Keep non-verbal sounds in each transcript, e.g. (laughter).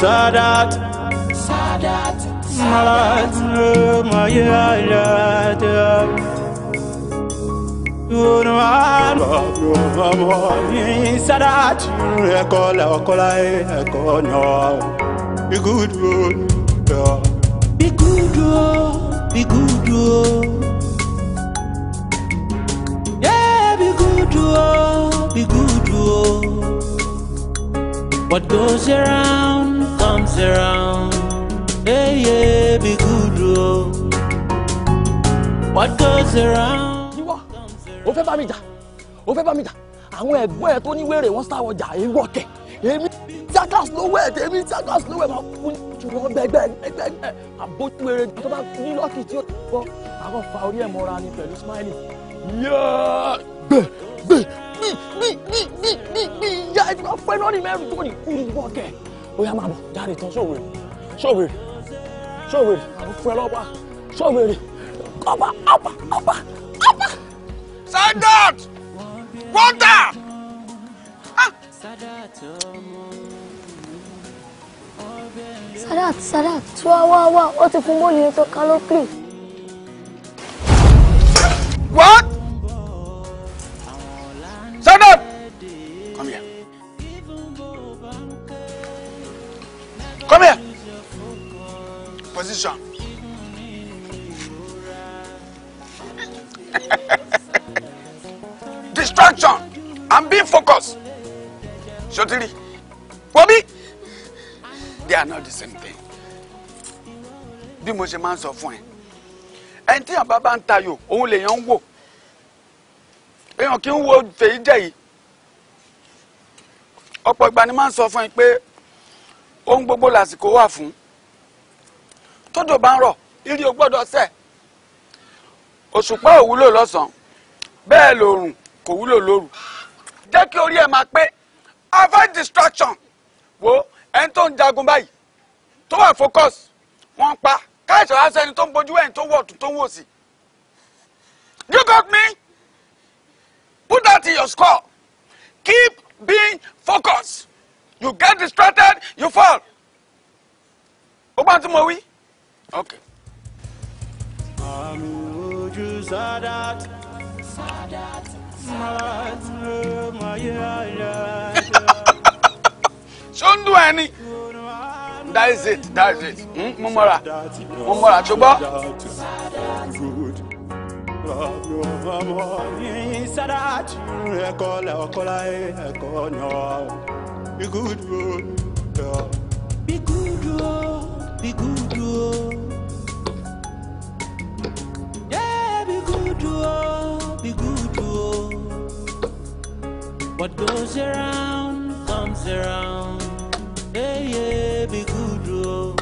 Sadat Sadat Malat Mayalat Unwan Mamoni Sadat Be good, oh, be good, oh. Yeah, be good, oh, be good, oh. What goes around comes around, yeah, yeah, be good, oh. What goes around. You Ìwọ, o fẹ́ bá mi jà, o fẹ́ bá mi jà, àwọn ẹ̀gbọ́n ẹ̀ tó ní wèrè wọ́n sáwọ́ jà, èèwọ̀ kẹ̀, èmi jackass ló wẹ̀ tèmi jackass ló wẹ̀ máa kú ṣùgbọ́n gbẹgbẹ gbẹgbẹ àbójúwèrè tó bá ní lọ́kì tí ó ti gbọ́ àwọn fa go ẹ̀ mọ́ra ni pẹ̀lú smiley yẹ́ẹ́ gbẹ̀ gbẹ̀ bí bí bí bí bí ìyá ẹ̀ tí wọ́n fẹ́ lọ́rìn mẹ́rin tó ní kúrú wọ́kẹ̀ ó yá máa bọ̀ jáde tán sóòwèrè sóòwèrè sóòwèrè àwọn fún ẹ lọ́pàá sóòwèrè ọ̀pá ọ̀pá ọ̀pá ọ̀pá. Sadat wọ́ndà. Ah! Sadat Sadat tí wàá wá wá ó ti fún bọ́ọ̀lù yẹn tó ká ló pè. What? Sadat. Come here. Position. (laughs) Distraction. I'm being focused. Shotiri. Bobby. They are not the same thing. Bí mo ṣe máa ń sọ fún ẹ. Ẹni tí àbá bá ń tayò, òun lèèyàn ń wò. Èèyàn kì í wo fèyí jẹ́ yìí. Ọ̀pọ̀ ìgbà ni máa ń sọ fún ẹ pé ohun gbogbo lásìkò wà fún tódò bá ń rọ̀ irí o gbọ́dọ̀ sẹ̀ òṣùpá ò wúlò lọ́sàn-án bẹ́ẹ̀ lòrùn kò wúlò lóru jẹ́ kí orí ẹ̀ máa pé avoid distraction wo ẹni tó ń jagun báyìí tó wà focus wọ́n pa káyọ̀sọ̀ aṣọ ẹni tó ń bojú ẹni tó wọ̀ tó tó ń wò sí you got me put that in your score keep being focused you get distracted you fall ó mowi, okay. mo wí. ok. Sadat Sadat ṣó ń dún ẹni that is it that is it hmm, mo Mumara. mo mọ̀ra ṣùgbọ́n. Sadat ẹ̀kọ́ lẹ́kọ́ láyé ẹ̀kọ́ yàn be good oh, Yeah. Be good oh, be good oh. Yeah, be good oh, be good oh. What goes around comes around. Yeah, yeah, be good oh.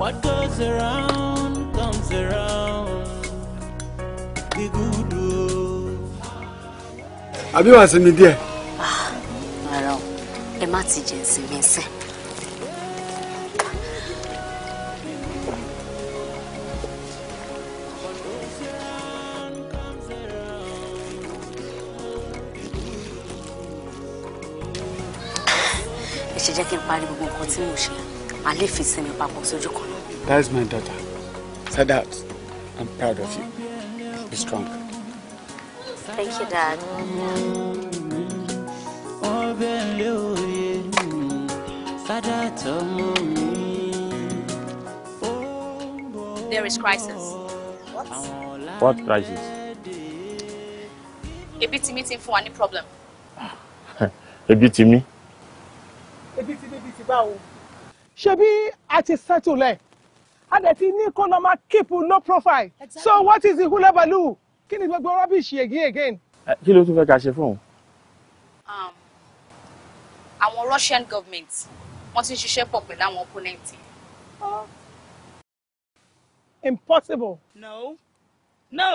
What goes around comes around. Be good oh. o. Àbí wàá sinmi díẹ̀ ẹ má ti ẹ ṣe jẹ́ kí n parí gbogbo nǹkan tí mo ṣe a fi sinmi papọ̀ sójú kan. that is my daughter Sadat I'm proud of you be strong. thank you dad. ọbẹ̀ lè Dada tomo mi. There is crisis. What? What crisis? Ebi ti mi ti fún wa ní problem. (laughs) Ebi ti mi. Ebi ti mi ti báwo. Ṣebí a ti settle ẹ̀, a dẹ̀ ti ní kó lọ máa keep no profile. Exactly. So what is the hula baloo? Kí ni gbogbo rubbish again again? Kí ló tún fẹ́ ká ṣe fún òun? Um, àwọn Russian government wọ́n ti ń ṣiṣẹ́ pọ̀ pẹ̀lú àwọn opponent. Ah. impossible. no no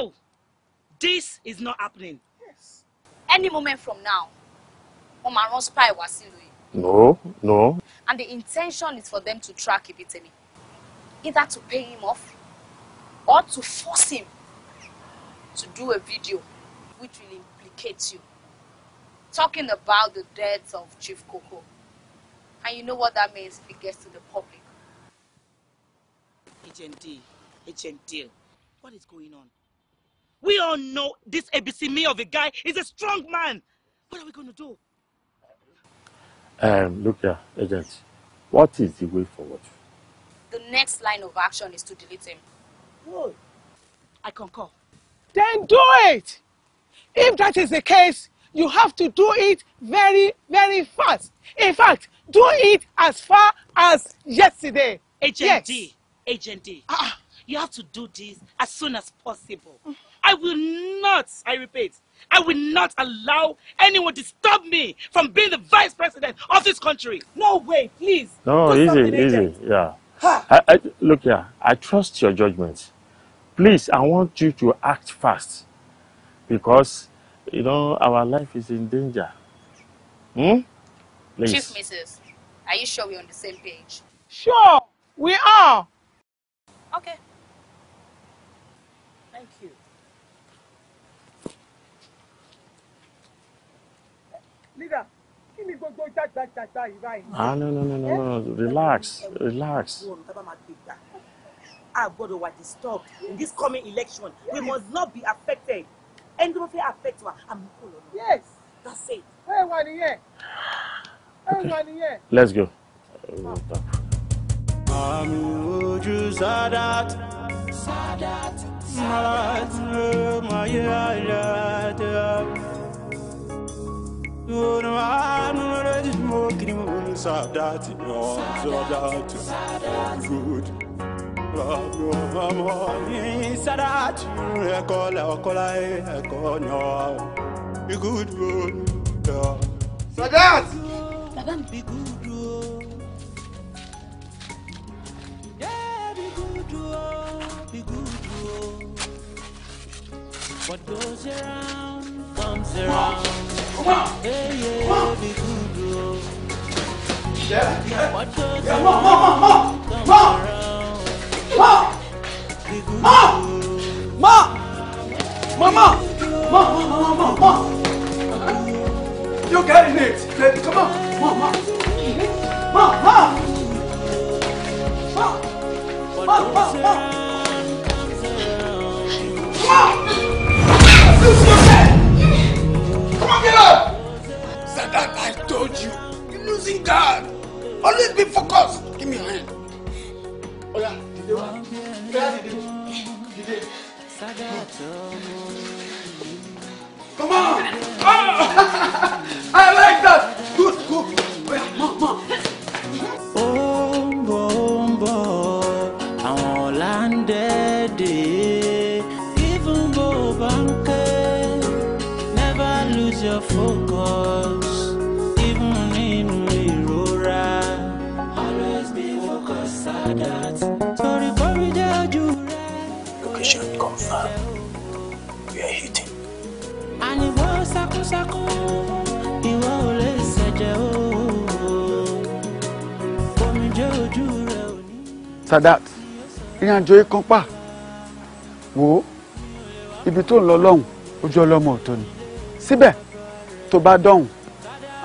this is not happening. Yes. any moment from now wọ́n máa rán spy wá sílùú yìí. no no. and the intention is for them to track Ibitemi either to pay him off or to force him to do a video which will implicate you talking about the death of Chief Koko. And you know what that means if it gets to the public. HND, HND, what is going on? We all know this ABC me of a guy is a strong man. What are we going to do? Um, look here, agent. What is the way forward? The next line of action is to delete him. Whoa. I concur. Then do it! If that is the case, you have to do it very very fast in fact do it as far as yesterday. agent d yes. agent d ah, ah. you have to do this as soon as possible i will not i repeat i will not allow anyone to stop me from being the vice president of this country no way please. no easy easy yeah. I, I, look here i trust your judgment please i want you to act fast because You know, our life is in danger. Hmm? Please. Chief Mrs., are you sure we're on the same page? Sure, we are. Okay. Thank you. Leader, kí ni gbogbo jágbàjágbà yìí báyìí? Ah, no, no, no, no, no, no. Eh? Relax, relax. I got to disturbed in this coming election. We must not be affected ẹni affect wa àmì kò yes that's it. ẹ wà nìyẹn ẹ wà nìyẹn. let's go. Ah. àmì ojú sadat sadat malat maye ayada. Yono anu redi mo kini mo sadat sadat sadat good ọmọ yìí sádàtì ẹ̀kọ́ lẹ́ọ̀kọ́lá ẹ̀kọ́ ni yeah, Yeah, yeah. What goes yeah, around mọ mọ mọ mọ mọ mọ mọ mọ mọ. You getting it? Baby, come on, mọ mọ mọ mọ mọ mọ mọ mọ. Come on! Lose yourself! Come on, get up! Sadat, I told you, you're losing God. Always be focused. Give me a hand. Hola. Come on! Oh! I like that! Good, good! Wait, mom, mom! your. confirm you are hitting. ànìwó ṣakúṣakú ìwọ ò lè ṣẹ̀jẹ̀ o omi jẹ́ ojú rẹ̀ ò Sadat ìrìn àjò yìí pa wò ó ibi tó ń lọ lọ́hùn ojú ọlọ́mọ ọ̀tọ̀ ni síbẹ̀ tó bá dọ̀hùn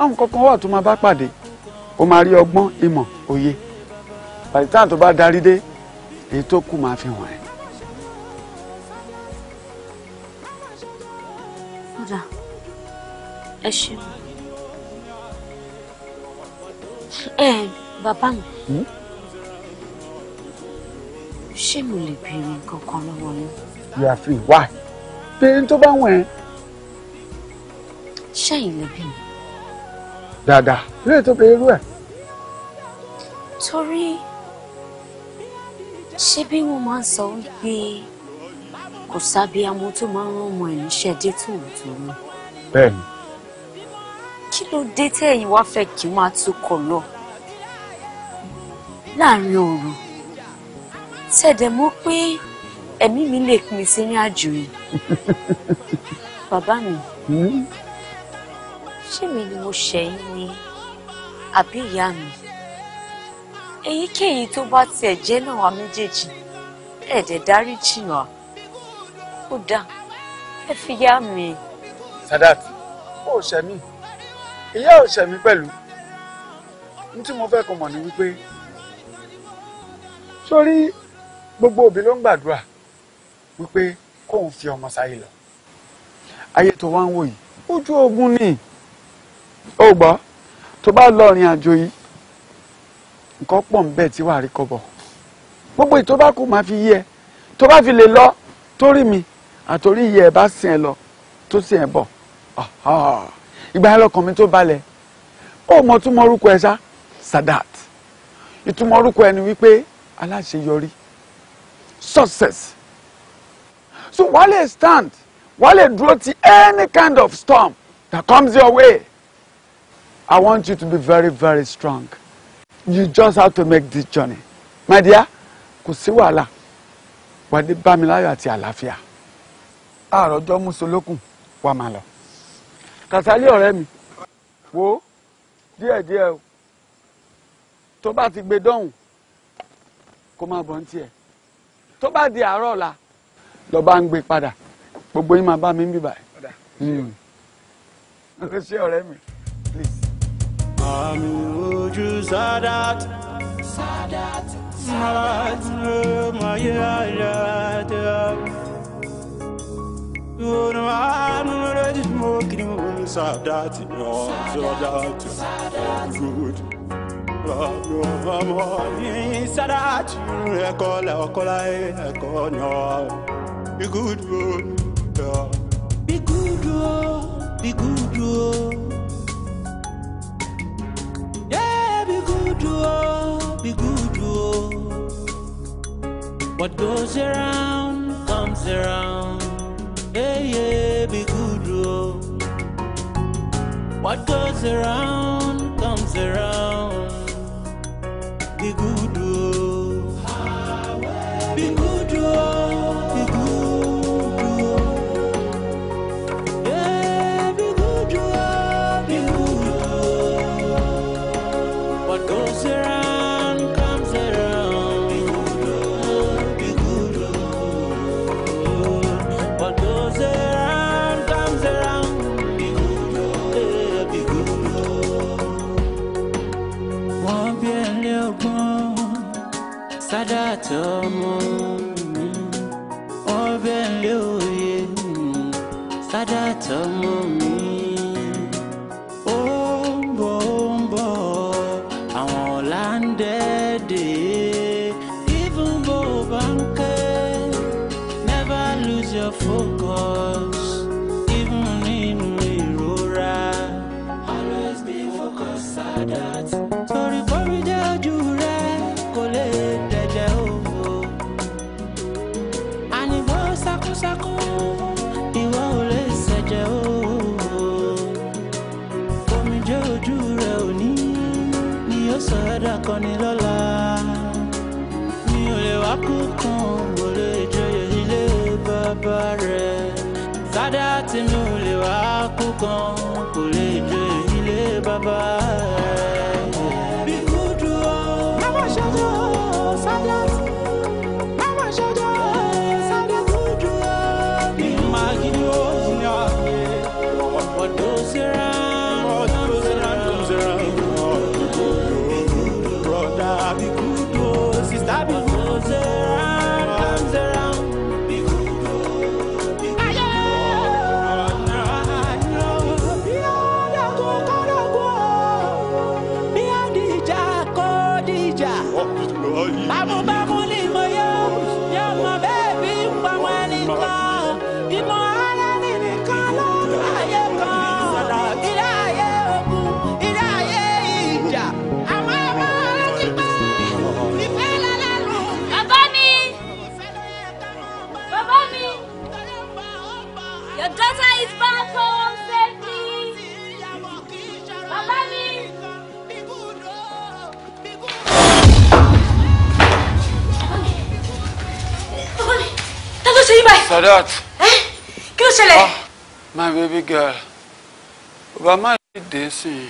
àwọn kankan wà tó máa bá pàdé ó máa rí ọgbọ́n ìmọ̀ òye pàdé táà tó bá darí dé èyí tó kù máa fi hàn ẹ́. kódà ẹ ṣeun ẹ bàbá mi ṣé mo lè béèrè nǹkan kan lọ́wọ́ yín. you are free why. béèrè tó bá wọ̀n ẹ́. ṣẹ́yìn lè bí mi. dáadáa béèrè tó béèrè irú ẹ̀. torí ṣé bí wọ́n máa ń sọ wípé kò sábíàmọ tó máa ń rán ọmọ ẹ̀ níṣẹ́ dé tòrótòró. bẹ́ẹ̀ni. kí ló dé tẹ́yìn wá fẹ́ kí máa tukọ̀ lọ láàrin òru tẹ̀dẹ̀ mọ́ pé ẹ̀mí mi lè pin sí ní àjò yìí. (laughs) bàbá mi hmm? ṣé mi ni mo ṣẹ̀yìn ni àbí ìyá mi èyíkéyìí tó bá tiẹ̀ jẹ́ náà wá méjèèjì ẹ̀ẹ́dẹ̀ dárí ó dáa ẹ fi yá mi. Sadat ó ṣe mí ìyá ò ṣe mí pẹ̀lú ní tí mo fẹ́ kó mọ̀ ní wípé sórí gbogbo òbí ló ń gbàdúrà wípé kóun fi ọmọ sáyé lọ ayé tó wá ń wò yìí ojú ogun ni ó gbọ́ tó bá lọ rìn àjò yìí nǹkan pọ̀ ń bẹ̀ tí wàá rí kọ́ bọ̀ gbogbo ìtọ́ bá kú máa fi yí ẹ tó bá fi lè lọ torí mi àtòrí iye ẹ̀ bá sìn ẹ lọ tó sìn ẹ bọ̀ ìgbà yẹn lọkàn mi tó balẹ̀ ó mọ túmọ̀ orúkọ ẹ ṣá Sadat ìtumọ̀ orúkọ ẹ ni wípé aláṣeyọrí success so wàá lè stand wàá lè dúró ti any kind of storm that comes your way I want you to be very very strong you just have to make this journey my dear kò sí wàhálà wàá dé àti àlàáfíà àròjọ musolókùn wà máa lọ. kàtàlí ọ̀rẹ́ mi wo díẹ̀díẹ̀ o tó bá ti gbé dọ́hùn kó má bọ́ ní tiẹ̀ tó bá di àárọ̀ ọ̀la lọ bá ń gbé padà gbogbo yín máa bá mi ń bì báyìí. Hmm. ṣé ọ̀rẹ́ mi àmì ojú sadat sadat sadat ọmọ yàrá dá. be good, Be good, be good, be good. What goes around? What goes around comes around. someone Sadat. kí ló ṣẹlẹ̀. Ah, my baby girl ọba má dé sí i.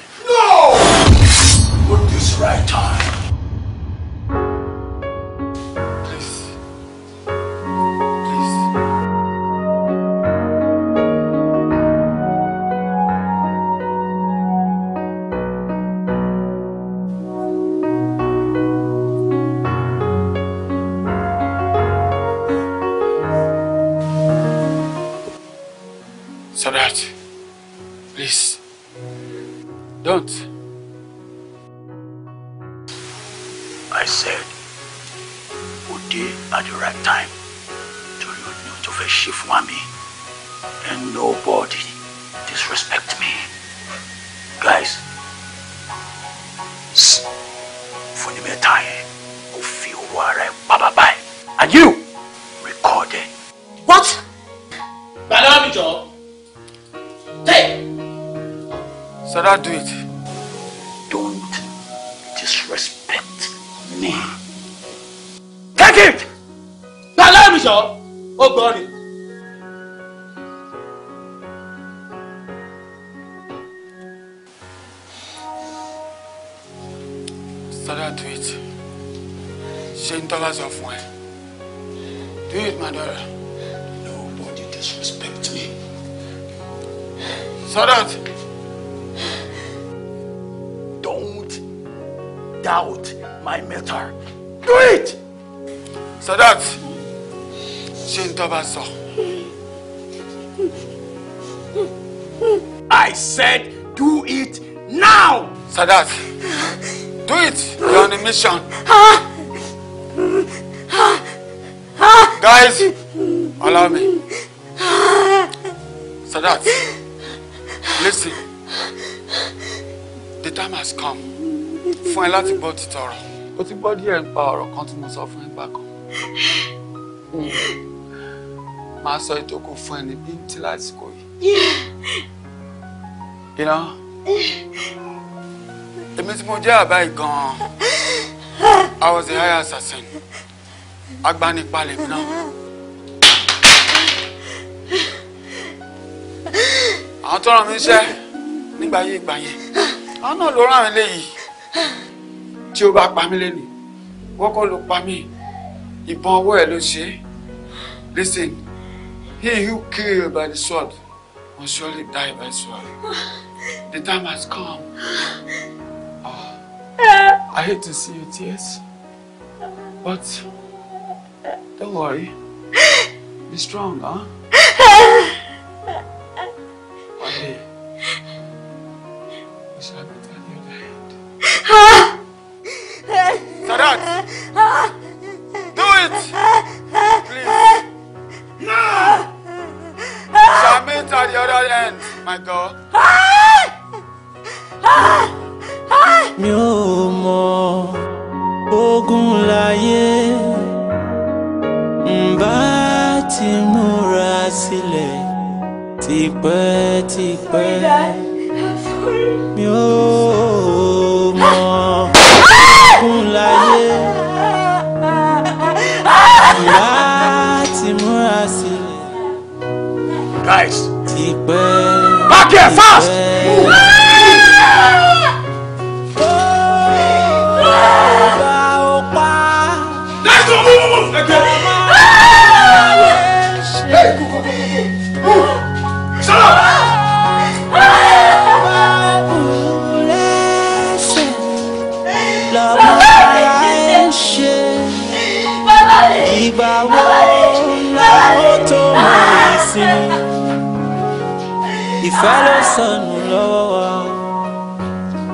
Christian. Guys, allow me. Sadat, listen. The time has come. Fún ẹ láti gbọ́ títọ̀ ọ̀rọ̀. O ti gbọ́ díẹ̀ nípa ọ̀rọ̀ kan tí mo sọ fún ìgbà kan. Màá sọ ìtókò fún ẹni bí tí lásìkò yìí. You know? èmi tí mo jẹ́ àbá ìgan I was a high assassin agbanipalẹ̀ mi náà. àwọn tó ràn mí iṣẹ́ nígbà yé ìgbà yẹn àwọn náà ló ràn mí léyìí tí ó bá pa mí lẹ́nu wọ́n kọ́ ló pa mí ìbọn ọwọ́ ẹ̀ ló ṣe é listen he who killed by the sword must surely die by sword the time has come. I hate to see your tears, but don't worry. Be strong, huh? One day, we shall be at the other end. Do it! Please. No! We shall meet at the other end, my girl. mi ò mọ̀ ogun láyé ń bá ti múra sílẹ̀ tipẹ́tipẹ́. ìfẹ́ ló sọnù lọ́wọ́ wa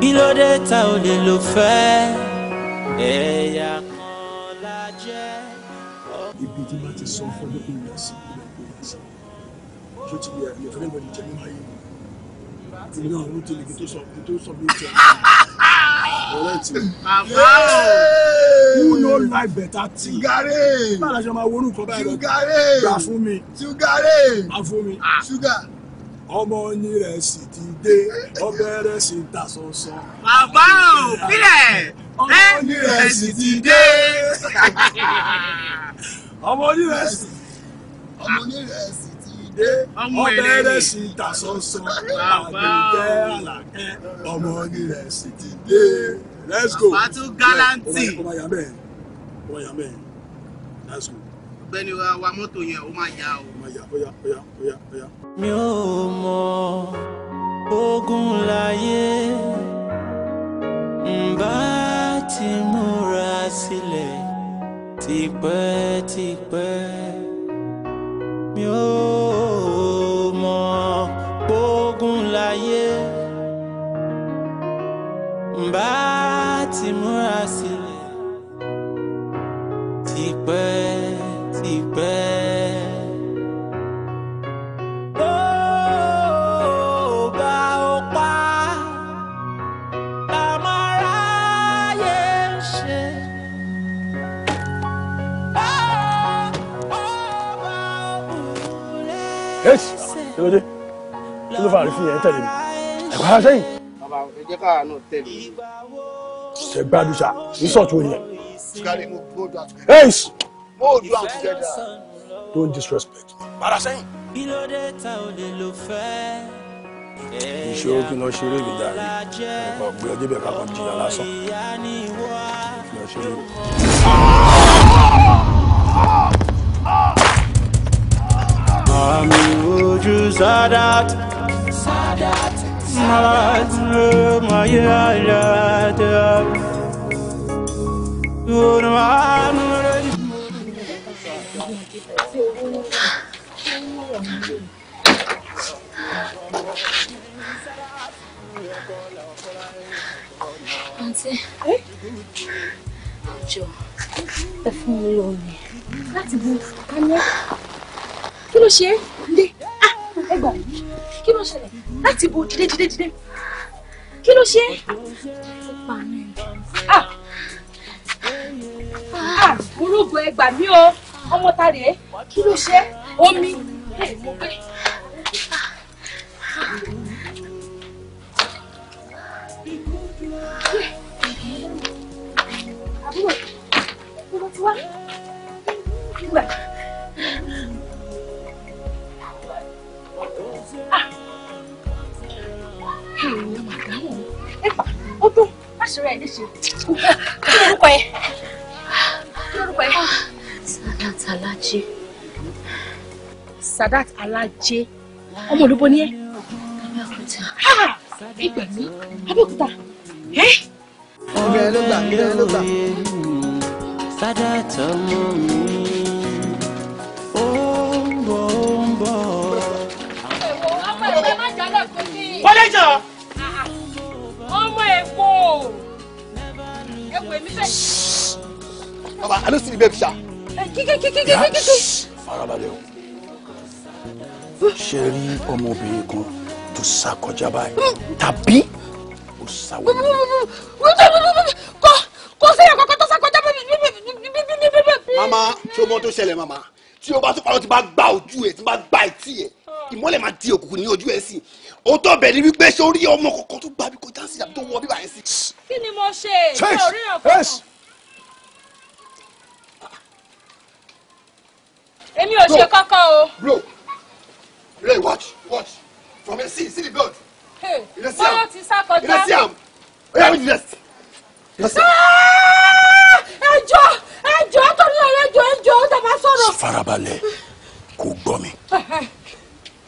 kí ló dé ta ò lè lò fẹ́ ẹ̀yà kan la jẹ́. ibi tí màá ti sọ fún ọdún kò yẹ sí kò yẹ sí ṣé ti yẹ ẹ̀yẹ fẹ́rẹ́ mọ̀lì jẹ́ nínú ayé mi èmi náà ló tó lè kí tó sọ kí tó sọ bí ó jẹ ọ̀rẹ́ ti. You know life better ti. Sugare. Báwo la máa wọnú nǹkan báyìí lọ? Sugare. Gbà fún mi. Sugare. Má fún mi. Sugar. Ah ọmọ yín rẹ̀ sì ti dé ọbẹ̀ rẹ̀ sì ń ta sọ̀sọ̀. bàbá ò bílẹ̀ ọmọ yín rẹ̀ sì ti dé ọmọ yín rẹ̀ sì ọmọ yín rẹ̀ sì ti dé ọbẹ̀ rẹ̀ sì ń ta sọ̀sọ̀ àgbẹ̀jẹ̀ àlàkẹ́ ọmọ yín rẹ̀ sì ti dé let's go. bàbá tún gálántì. ọmọ yàmẹ́ ọmọ yàmẹ́ let's go ọ̀gbẹ́ni wa mọ́tò yẹn ó máa yá o. ó máa yá mi ò mọ ogun láyé ń bá ti múra sílẹ̀ tipẹ́tipẹ́ mi ò mọ ogun láyé ń bá ti múra sílẹ̀ tipẹ́ pẹ́. Ó bá ó pa Yes, kí ló dé? Kí ló fà á rí fi yẹn tẹ̀lé mi? Ẹ̀kọ́ ara sẹ́yìn. Bàbá ẹ jẹ́ káà náà tẹ̀lé mi. Ṣé gbádùn ṣá? Ní sọ̀tún yẹn. Ṣé Hold you together. Don't disrespect me. I say? Kí ló dé ta ò lè lo fẹ́? Ìṣòro kí lọ ṣeré mi dàrí. Ẹ̀kọ́ gbé ọjọ́ bẹ̀ẹ̀ kákan jìyà lásán. Kí lọ ṣeré mi. Àmì ojú Sadat. Sadat. Sadat. Mayala. Yorùbá nù àǹtí àjọ eh? ẹ fún mi lónìí láti bu kánẹ́ kí ló ṣe é dé ah, ẹ gbà mí kí ló ṣẹlẹ̀ láti bu dìde dìde dìde kí ló ṣe é ó pa mí. ah ah mo rògbò ẹ gbà mí o ọmọ ta rèé kí ló ṣe omi mo gbé. àbúrò mo bá ti wá nígbà. Ah. ṣe kí lórúkọ yẹn kí lórúkọ yẹn. Sadat Alaje. Sadat Alaje. Ọmọ olúbo ni ẹ́. Ah! Abẹ́òkúta. Ìgbà mi, Abẹ́òkúta. Ọ̀rẹ́ ló gbà, ọ̀rẹ́ ló gbà. Sadat ọmọ mi, ó ń bọ̀, ó ń bọ̀. Wọlé jọ. Ọmọ Èkó. Ẹ̀wọ̀n mi fẹ́. Baba, I don't see the baby Eh, farabalẹ̀ o ṣe rí ọmọbìnrin kan tó sá kọjá báyìí hmm. tàbí ó sá wọlé. Hmm, hmm, kò kò sẹ́yìn kankan tó sá kọjá báyìí. mama tu o mọ tu ṣẹlẹ̀ mama tí o bá tó parọ́ tí bá gba ojú ẹ̀ tí bá gba etí ẹ̀ ìmọ́lẹ̀ máa di òkùnkùn ní ojú ẹ̀ sí o tó bẹ̀rẹ̀ wípé sórí ọmọ kọ̀ọ̀kan tó gbà bí kọjá sí àbí tó wọ bíbá ẹ̀ sí. kí ni mo ṣe ìṣe òríyàn fún ọ. èmi ò ṣe kọ́kọ́ o. blow ray watch watch from here see see the blood. you dey see am you dey see am oya wey you rest. ẹjọ ẹjọ torí ọ̀rọ̀ ẹjọ ẹjọ ó dàbà sọ̀rọ̀. farabalẹ̀ kò gbọ́ mi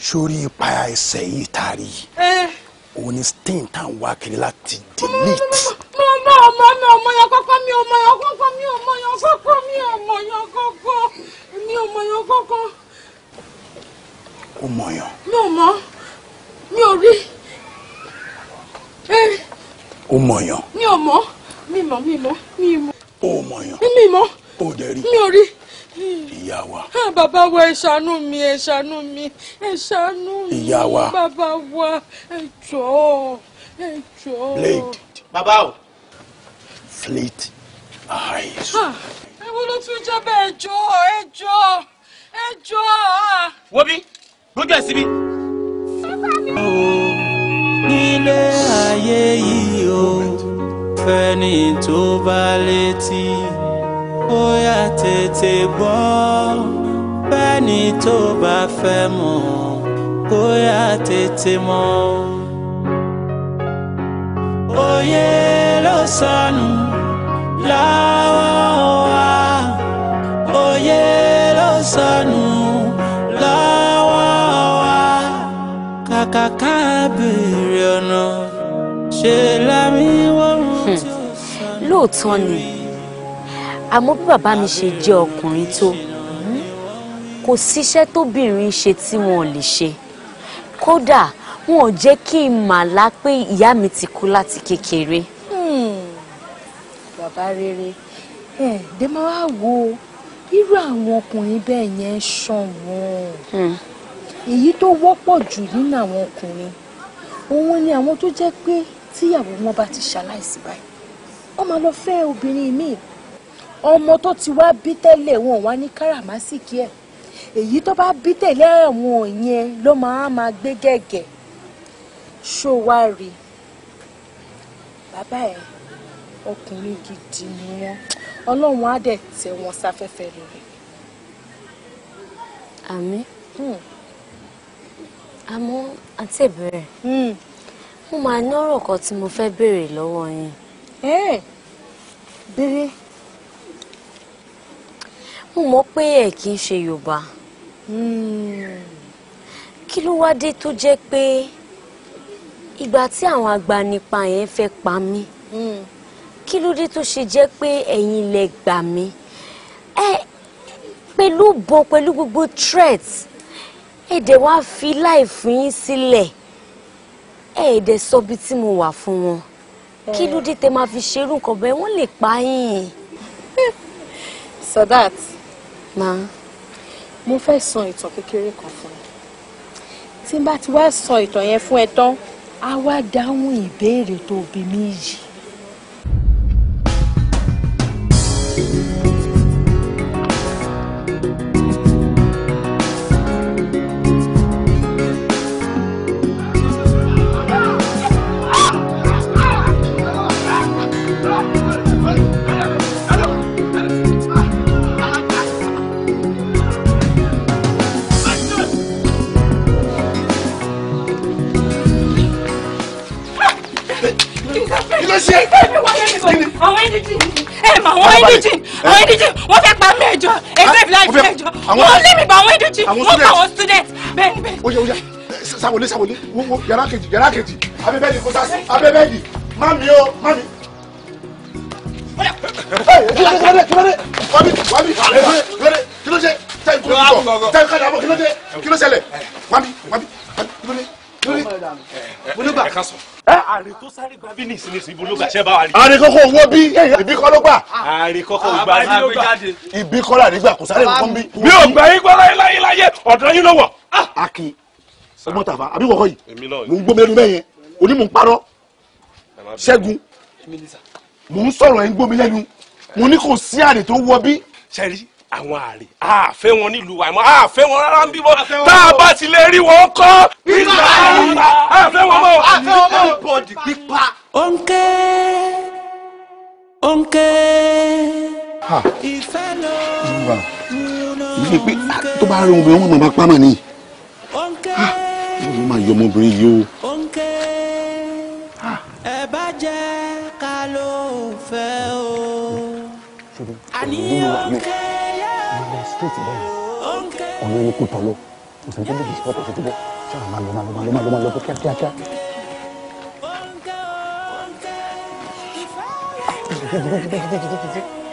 sórí ipa ẹsẹ̀ yìí tari yìí eh òun ni stain tá à ń wá kiri láti delete. mo mọ ọmọ mi ọmọ yẹn kọ́kọ́ mi ọmọ yẹn kọ́kọ́ mi ọmọ yẹn kọ́kọ́ mi ọmọ yẹn kọ́kọ́ mi ọmọ yẹn kọ́kọ́. ó mọ yàn. mi ò mọ mi ò rí. ó mọ yàn. mi ò mọ mi mọ mi mọ mi mọ. ó mọ yàn. mi mọ. ó dẹ̀ rí. mi ò rí ìyá wa. bàbá wa ẹ ṣàánú mi ẹ ṣàánú mi ẹ ṣàánú mi ìyá wa bàbá wa ẹ jọ̀ọ́ ẹ jọ̀ọ́. blade. bàbá o. fleet eyes. ewu ló tún jẹ́ bẹ́ẹ̀ jọ ẹ jọ ẹ jọ. wo bí ẹ síbi. nílé ayé yìí o fẹ́ni tó bá létí ó yá tètè gbọ́ bẹ́ẹ̀ni tó bá fẹ́ mọ̀ ó tètè mọ̀. òye ló sọnù láwọ̀ wá òye ló sọnù láwọ̀ wá kàkà ká béèrè ọ̀nà ṣe lámì wọ́n. Hmm. lóòótọ́ ni àmọ́ bí bàbá mi ṣe jẹ́ ọkùnrin tó kò síṣẹ́ tóbìnrin ṣe tí wọ́n lè ṣe kódà wọn ò jẹ́ kí n mà lá pé ìyá mi ti kú láti kékeré. bàbá rere ẹ dé máa wá wo irú àwọn ọkùnrin bẹ́ẹ̀ yẹn ṣàn wọ́n hmm. èyí tó wọ́pọ̀ jù nínú àwọn ọkùnrin òun ni àwọn tó jẹ́ pé tíyàwó wọn bá ti ṣaláìsí báyìí wọ́n máa lọ fẹ́ obìnrin míì ọmọ tó ti wá bí tẹ́lẹ̀ wọn wá ní káràmásìkí ẹ̀ èyí tó bá bí tẹ́lẹ̀ ẹ̀wọ̀n yẹn ló máa máa gbé gẹ̀gẹ̀ ṣó bàbá ẹ̀ ọkùnrin gidi ni wọn ọlọ́run á dẹ̀ tẹ̀ wọn sáfẹ́fẹ́ lórí. àmín hmm. àmọ́ àti ìbẹ̀rẹ̀ hmm. mo máa ní ọ̀rọ̀ kan tí mo fẹ́ béèrè lọ́wọ́ yín. béèrè mo mọ̀ pé ẹ̀ kì í ṣe yorùbá hmm. kí ló wá dé tó jẹ́ pé ìgbà tí àwọn agbanipa yẹn fẹ́ pa mí hmm. kí ló dé tó ṣe jẹ́ pé ẹ̀yin lẹ gbà mí ẹ pẹ̀lú bọ pẹ̀lú gbogbo threat ẹ dẹ̀ wá fi láì fún yín sílẹ̀ ẹ dẹ̀ sọ bí tí mo wà fún wọn kí ló dé tẹ máa fi ṣerú nǹkan bẹ́ẹ̀ wọ́n lè pa yín. Sadat. (laughs) So máa mo fẹ́ sọ ìtàn kékeré kan fún ẹ tí n bá ti wá sọ ìtàn yẹn fún ẹ tán á wá dáhùn ìbéèrè tó bí mi yìí àwọn indigen àwọn indigen wọ́n fẹ́ pa mí ẹjọ́ ẹgbẹ́ ìfìlàjì ẹjọ́ wọ́n lé mi bá àwọn indigen wọ́n pa àwọn student bẹ́ẹ̀ni bẹ́ẹ̀ni. ó yá ó yá sáwọlé sáwọlé wo yàrá kejì yàrá kejì abẹ́bẹ́ẹ̀dì kó sásì abẹ́bẹ́ẹ̀dì má mi o má mi. kílódé kílódé wábí wábí kílódé kílódé tẹ́yìn kúrò nígbọ̀ tẹ́yìn kájà bọ̀ kílódé kílódé ṣẹlẹ̀ wábí wábí kílódé kílódé. mo ní gbà àrè tó sáré gba bí nìsín nìsín ibo ló gbà ṣẹ́ bá wà rí. àrè kọ́kọ́ owó bí ìbí kọ́ ló gbà. àrè kọ́kọ́ ògbà bí ló gbà. ìbí kọ́ là nígbà kò sáré nǹkan bí. mi ò gbà yín gbọ́ láyé láyé ọ̀dọ́ yín ló wọ̀. Ah! akin ọmọ tàfà àbí kọ̀kọ́ yìí mò ń gbọ́ mẹ́rin mẹ́yẹn onímọ̀ ń parọ́ ṣẹ́gun mò ń sọ̀rọ̀ ẹ̀ ń gbómi mo ní kò sí àrè tó wọ bí. ṣẹ́rí àwọn àrè àfẹ́ wọn nílùú àìmọ́ àfẹ́ wọn rárá ń bímọ tá a bá ti rí wọn kọ́. pípa àfẹ́ wọn mọ́ àfẹ́ wọn mọ́ bọ́ọ̀dì pípa. ònkẹ́ ònkẹ́ ìfẹ́ ló ń pè tó bá rí obìnrin wọn mọ̀ bá pàmò ni wọ́n máa yọ ọmọbìnrin yìí o. ònkẹ́ ẹ bá jẹ́ ká ló fẹ́ o. àní ònkẹ́ straight bẹ́ẹ̀ ọ̀nà ẹni kò tọ̀lọ̀ òsèlú tó lè fi sọ́ọ̀tì títí bẹ́ẹ̀ ṣé àwọn máa lọ máa lọ máa lọ máa lọ máa lọ kíá kíá kíá.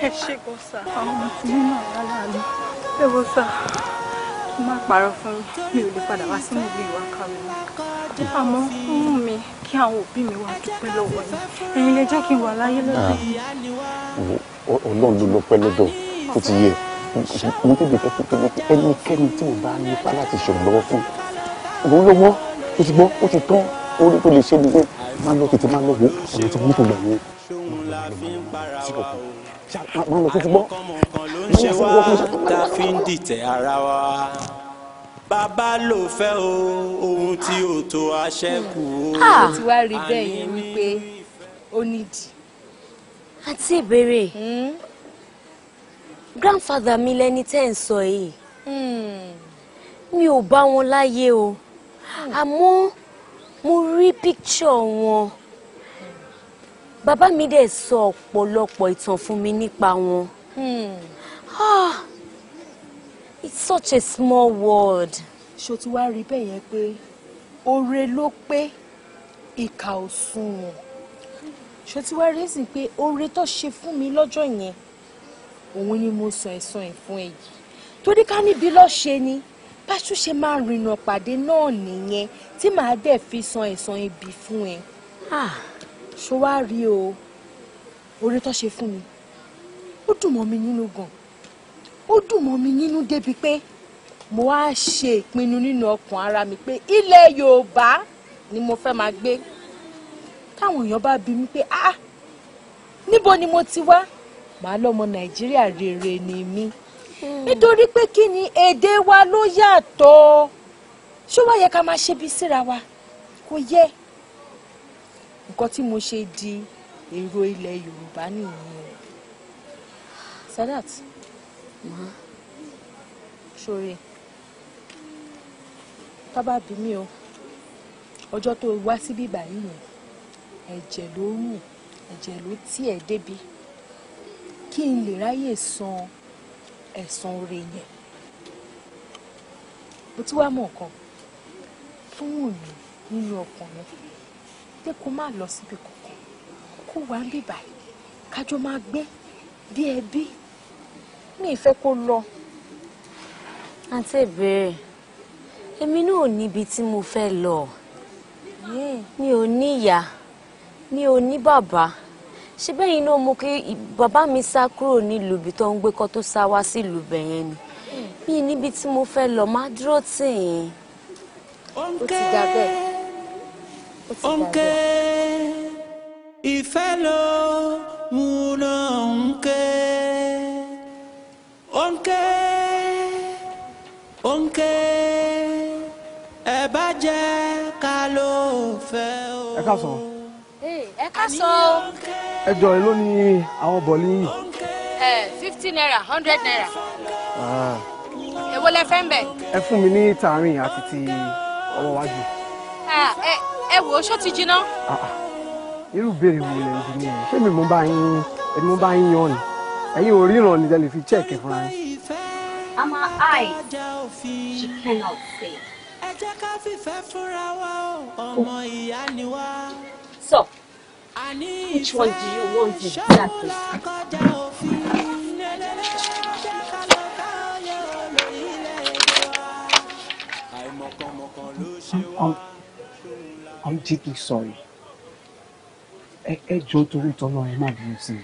ẹ ṣe kò sá àwọn ọmọ tí nínú àlá láàlú ẹ bọ sá kí n má parọ́ fún mi ò lè padà wá sínú ìlú ìwà kàwé mi àmọ́ fún mi kí àwọn òbí mi wá dúpẹ́ lọ́wọ́ yìí ẹ̀yin lè jẹ́ kí n wà láyé lọ́dọ̀ yìí. Ah, ọlọ́run ló lọ́pẹ́ lọ́dọ̀ tó ti yẹ mo tètè fẹ́ kó tẹ̀lé pé ẹnikẹ́ni tí mo bá nípa láti ṣèrànlọ́wọ́ fún òun ló wọ́ ó ti gbọ́ ó ti tán orí tó lè ṣe ni pé máa lọ tètè máa lọ wo ọ̀nà tí mo tó gbà yẹn máa lọ tètè gbọ́ ta fi ń dìtẹ̀ ara wa bàbá ló fẹ́ o ohun tí ò tó aṣẹ́kù o. ó ti wá rí bẹ́ẹ̀ yẹn wípé ó nídìí. àti ìbéèrè hmm? grandfather mi lẹni tẹ́ ń sọ yìí hmm. mi ò bá wọn láyé o hmm. àmọ́ mo rí picture wọn bàbá mi dẹ̀ sọ ọ̀pọ̀lọpọ̀ ìtàn fún mi nípa wọn. Hmm. ah it's such a small world. ṣó ti wá rí bẹ́ẹ̀ yẹn pé oore ló pé ìkà ò sunwọ̀n ṣó ti wá rí sí pé oore tó ṣe fún mi lọ́jọ́ yẹn òun ni mo sọ ẹ̀sán ẹ̀ fún ẹ yìí torí ká níbi lọ́ṣẹ ni báṣu ṣe máa rìnà pàdé náà nìyẹn tí màá dẹ̀ fi san ẹ̀sán ibi fún ẹ. Ah, ṣó wá rí o orí tó ṣe fún mi ó dùn mọ́ mi nínú gan ó dùn mọ́ mi nínú débi pé mo wá ṣe ìpinnu nínú ọkàn ara mi pé ilẹ̀ Yorùbá ni mo fẹ́ máa gbé táwọn èèyàn bá bi mí pé ah níbo ni mo ti wá màá lọ́mọ nàìjíríà rere ni mí hmm. nítorí pé kí ni èdè wa ló yàtọ̀ ṣó wá yẹ ká máa ṣe bí síra wa kò yẹ nǹkan tí mo ṣe di èrò ilẹ̀ yorùbá nìyẹn Sadat mm-hmm. ṣòre tábà bí mi o ọjọ́ tó wá síbí báyìí yẹn ẹ̀jẹ̀ ló rù ẹ̀jẹ̀ ló tí débi kí n lè ráyè san ẹ̀san oore yẹn mo ti wá mọ̀ kan tó wù mí nínú ọkàn mi pé kó má lọ síbi kankan kó wá ń bìbà kájọ máa gbé bí ẹbí mi ì fẹ́ kó lọ. àǹtí ìbéèrè èmi náà ò níbi tí mo fẹ́ lọ mi ò ní ìyá mi ò ní bàbá ṣé bẹ́yìn náà mo kí bàbá mi sá kúrò nílùú ibi tó ń gbé kó tó sá wá sílùú bẹ̀yẹn ni mi níbi tí mo fẹ́ lọ má dúró tì yín. ó ti ìfẹ́ ló mú náà ń ké ó ń bá jẹ́ ká ló fẹ́ o. ẹ ká sọ ẹ ká sọ. ẹ jọ èló ni àwọn bọ̀lì yìí. ẹ fifty naira hundred naira. Ah. èwo lẹ fẹ́ ń bẹ̀. ẹ fún mi ní tààrin àti ti ọwọ́ wájú. ẹ wò ó ṣó ti jiná. Ah, ah. irú béèrè wo lẹ ń bi ní ẹ ṣé mi mo bá yín ẹni mo bá yín yan ni ẹ̀yin ò ríran ni tẹ́lẹ̀ fi chẹ́ẹ̀kì fúnra yín. ama i she cannot say. ẹ jẹ́ ká fìfẹ́ fúnra wa ọmọ oh. ìyá ni wá. sọ. So. Which one do you want exactly? I'm, I'm, I'm deeply sorry. Ẹ jọ̀ọ́ torí tọ́nà ẹ má bínú sí i.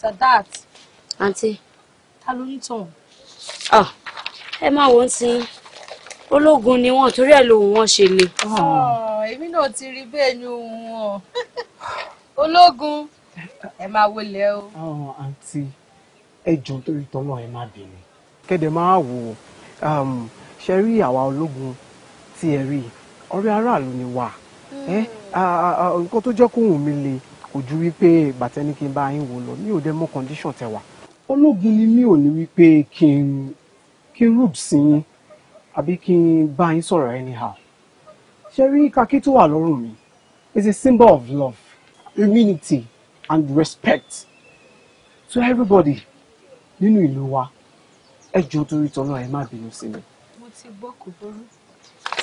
Sadat. auntie, Ta ló ń tàn? Ah, ẹ máa wọ́n ti ológun ni wọ́n torí ẹ̀ lòun wọ́n ṣe le. Oh, èmi náà ti rí bẹ́ẹ̀ ni òun wọ̀. (laughs) ológun ẹ máa wọlé o. àwọn àǹtí ẹjọ nítorí tọ́lọ́ ẹ má bínú kẹ́dẹ̀ máa wò ó ṣe rí àwa ológun tí ẹ rí ọ̀rẹ́ aráàlú ni wà hmm. nǹkan tó jẹ́ kó wù mí le kò ju wípé bàtẹ́ni kí n bá yín wò lọ mi ò dẹ́ mọ̀ condition tẹ wà ológun ni mi ò ní wípé kí n kí n rúb sí yín àbí kí n bá yín sọ̀rọ̀ anyhow ṣe rí kakí tó wà lọ́rùn mi it's a symbol of love humility and respect to everybody nínú ìlú wa ẹ jọ torí tọ́lọ́ ẹ má bínú sí mi. mo ti gbọ́ kò burú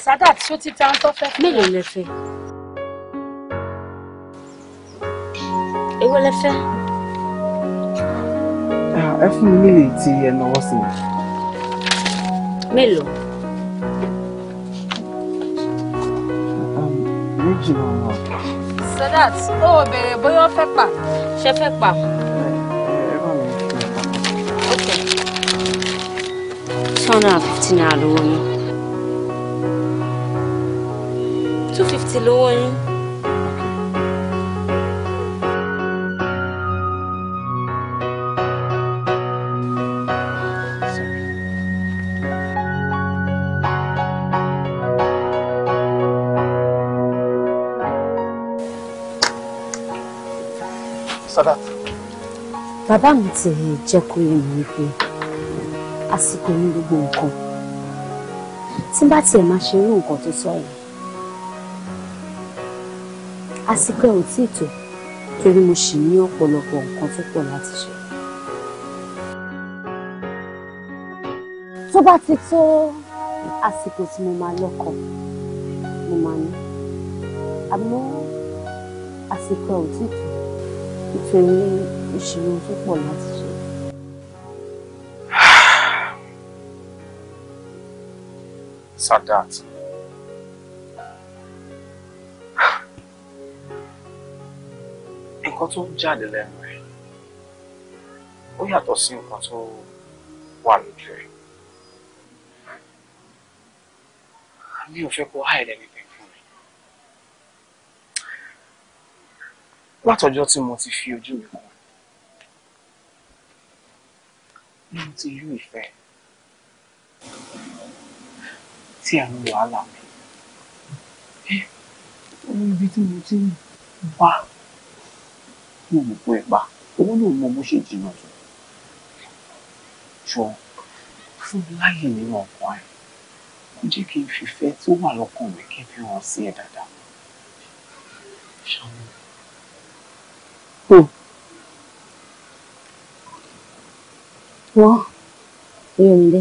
Sadat ṣó ti ta ń tọ́ fẹ́. mélòó lẹ fẹ́. èwo lẹ fẹ́. ẹ fún mi nílé tí ẹ náwó sí mi. mélòó. méjì náà wà. Sadat ó o béèrè bóyá ó fẹ́ pa ṣe fẹ́ pa. two hundred and fifty naira lówó yín two fifty lówó yín. bàbá mi ti jẹ́ kó yé mi wípé àsìkò ní gbogbo nǹkan tí bá tiẹ̀ máa ṣe irú nǹkan tó sọ yìí àsìkò ẹ̀ ò tí ì tó torí mo ṣì ní ọ̀pọ̀lọpọ̀ nǹkan tó pọ̀ láti ṣe. tó bá ti tó àsìkò tí mo máa lọ́kọ mo máa ní àmọ́ àsìkò ẹ̀ ò tí ì tó nítorí ìṣòro tó pọ̀ láti ṣe. (sighs) Sadat. (sighs) Nǹkan tó ń jáde lẹ́nu ẹ̀, ó yàtọ̀ sí nǹkan tó wà lójú ẹ̀. Mi ò fẹ́ kó hide anything fún mi. Látọjọ́ tí mo ti fi ojú mi kú ní mo ti yú ìfẹ́ tí àwọn wàhálà mi ohun ibi tí mo ti pa owó náà mọ bó ṣe jìnnà tó jọ fún mi láàyè nínú ọkàn ẹ kó jẹ́ kí n fìfẹ́ tó wà lọ́kàn mi kí n fi hàn sí Wọ́n Yòǹde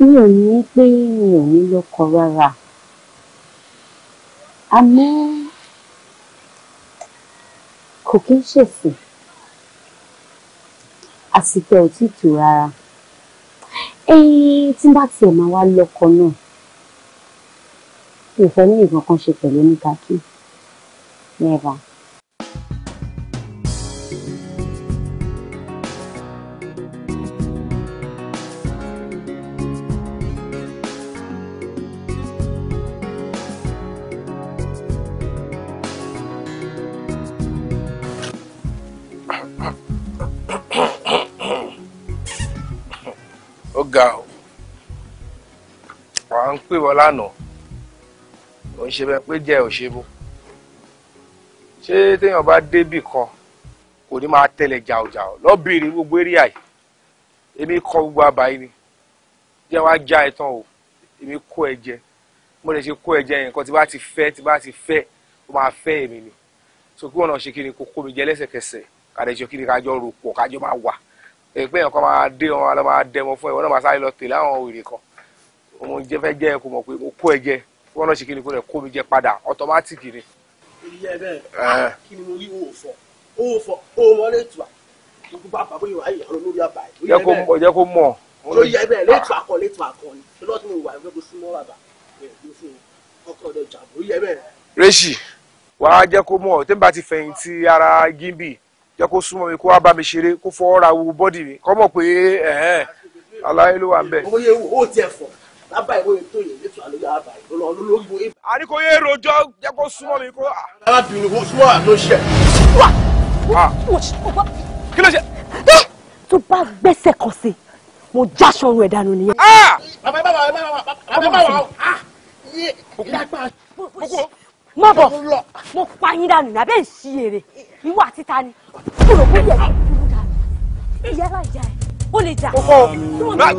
mi ò ní pé mi ò ní lọ́kọ rárá àmọ́ kò kí ń ṣèsìn àsìkò ẹ̀ ò tí ì tó rárá tí n bá tiẹ̀ máa wá lọ́kọ náà mi fẹ́ ní nǹkan kan ṣe pẹ̀lú oníkákí never. wọ lánàá ò ń ṣe bẹ́ẹ̀ pé díẹ̀ ò ṣe mú ṣé téèyàn bá débì kan kò ní máa tẹ̀lé jàòjàò lọ́bìnrin gbogbo eréyà yìí èmi kọ gbogbo àbáyé ni jẹ́ wá já ẹ tán o èmi kó ẹ jẹ mo lè ṣe kó ẹ jẹ yẹn nǹkan tí bá ti fẹ́ tí bá ti fẹ́ ó máa fẹ́ èmi ni so kí wọn náà ṣe kí ni kó kó mi jẹ lẹ́sẹ̀kẹsẹ̀ kàdéjọ kí ni kájọ rò pọ̀ kájọ máa wà èpè yẹn kan máa dé wọn máa dẹmọ fún ẹ wọn náà máa sáré lọ tèlé àwọn òrìkan ọmọ jẹ fẹ́ jẹ́ kó mọ̀ pé mo kó ẹ jẹ wọn náà ṣe kí ni kó rẹ̀ kó mi jẹ padà automatic ni. iye bẹ́ẹ̀ ah, kí ni mo rí owó fọ owó fọ owó wọlé tù à gbogbo bàbá bóyá wà á yẹ ọ lórí àbá yìí. jẹ́ kó mọ̀ ló yẹ bẹ́ẹ̀ létu akọ létu akọ ni lọ́tí mi wà ẹgbẹ́ kó súnmọ́ bàbá rẹ̀ fún ọkọ rẹ̀ jẹ́ kó mọ̀ tí n bá ti ara gímbì jẹ́ kó súnmọ́ mi kó wá bá mi ṣeré kó fọ́ ra wo bọ́dì mi kọ́ mọ̀ pé aláyé ló ń bẹ̀. owó yẹ wo ó tiẹ̀ fọ̀ lábà ìwé ètò yìí lẹ́tọ̀ àlóyà àbà ìdọ́lọ́ olólùbó. àní kò yé rojọ́ jẹ́ kó súnmọ́ mi kó. arábìnrin ah. wo súnmọ́ àlọ́ ṣe. Ah. kí ló ṣe. tó bá gbẹ́sẹ̀ kọ̀ sí mo já sọ̀rọ̀ ẹ̀ dànù nìyẹn. Ah! bàbá bàbá bàbá bàbá bàbá bàbá mo bọ mo pa yín dànù ní abẹ́ ìṣí èrè ìwà títa ni kúrò kúrò yẹ ìyá lájà ẹ ó lè jà. kókó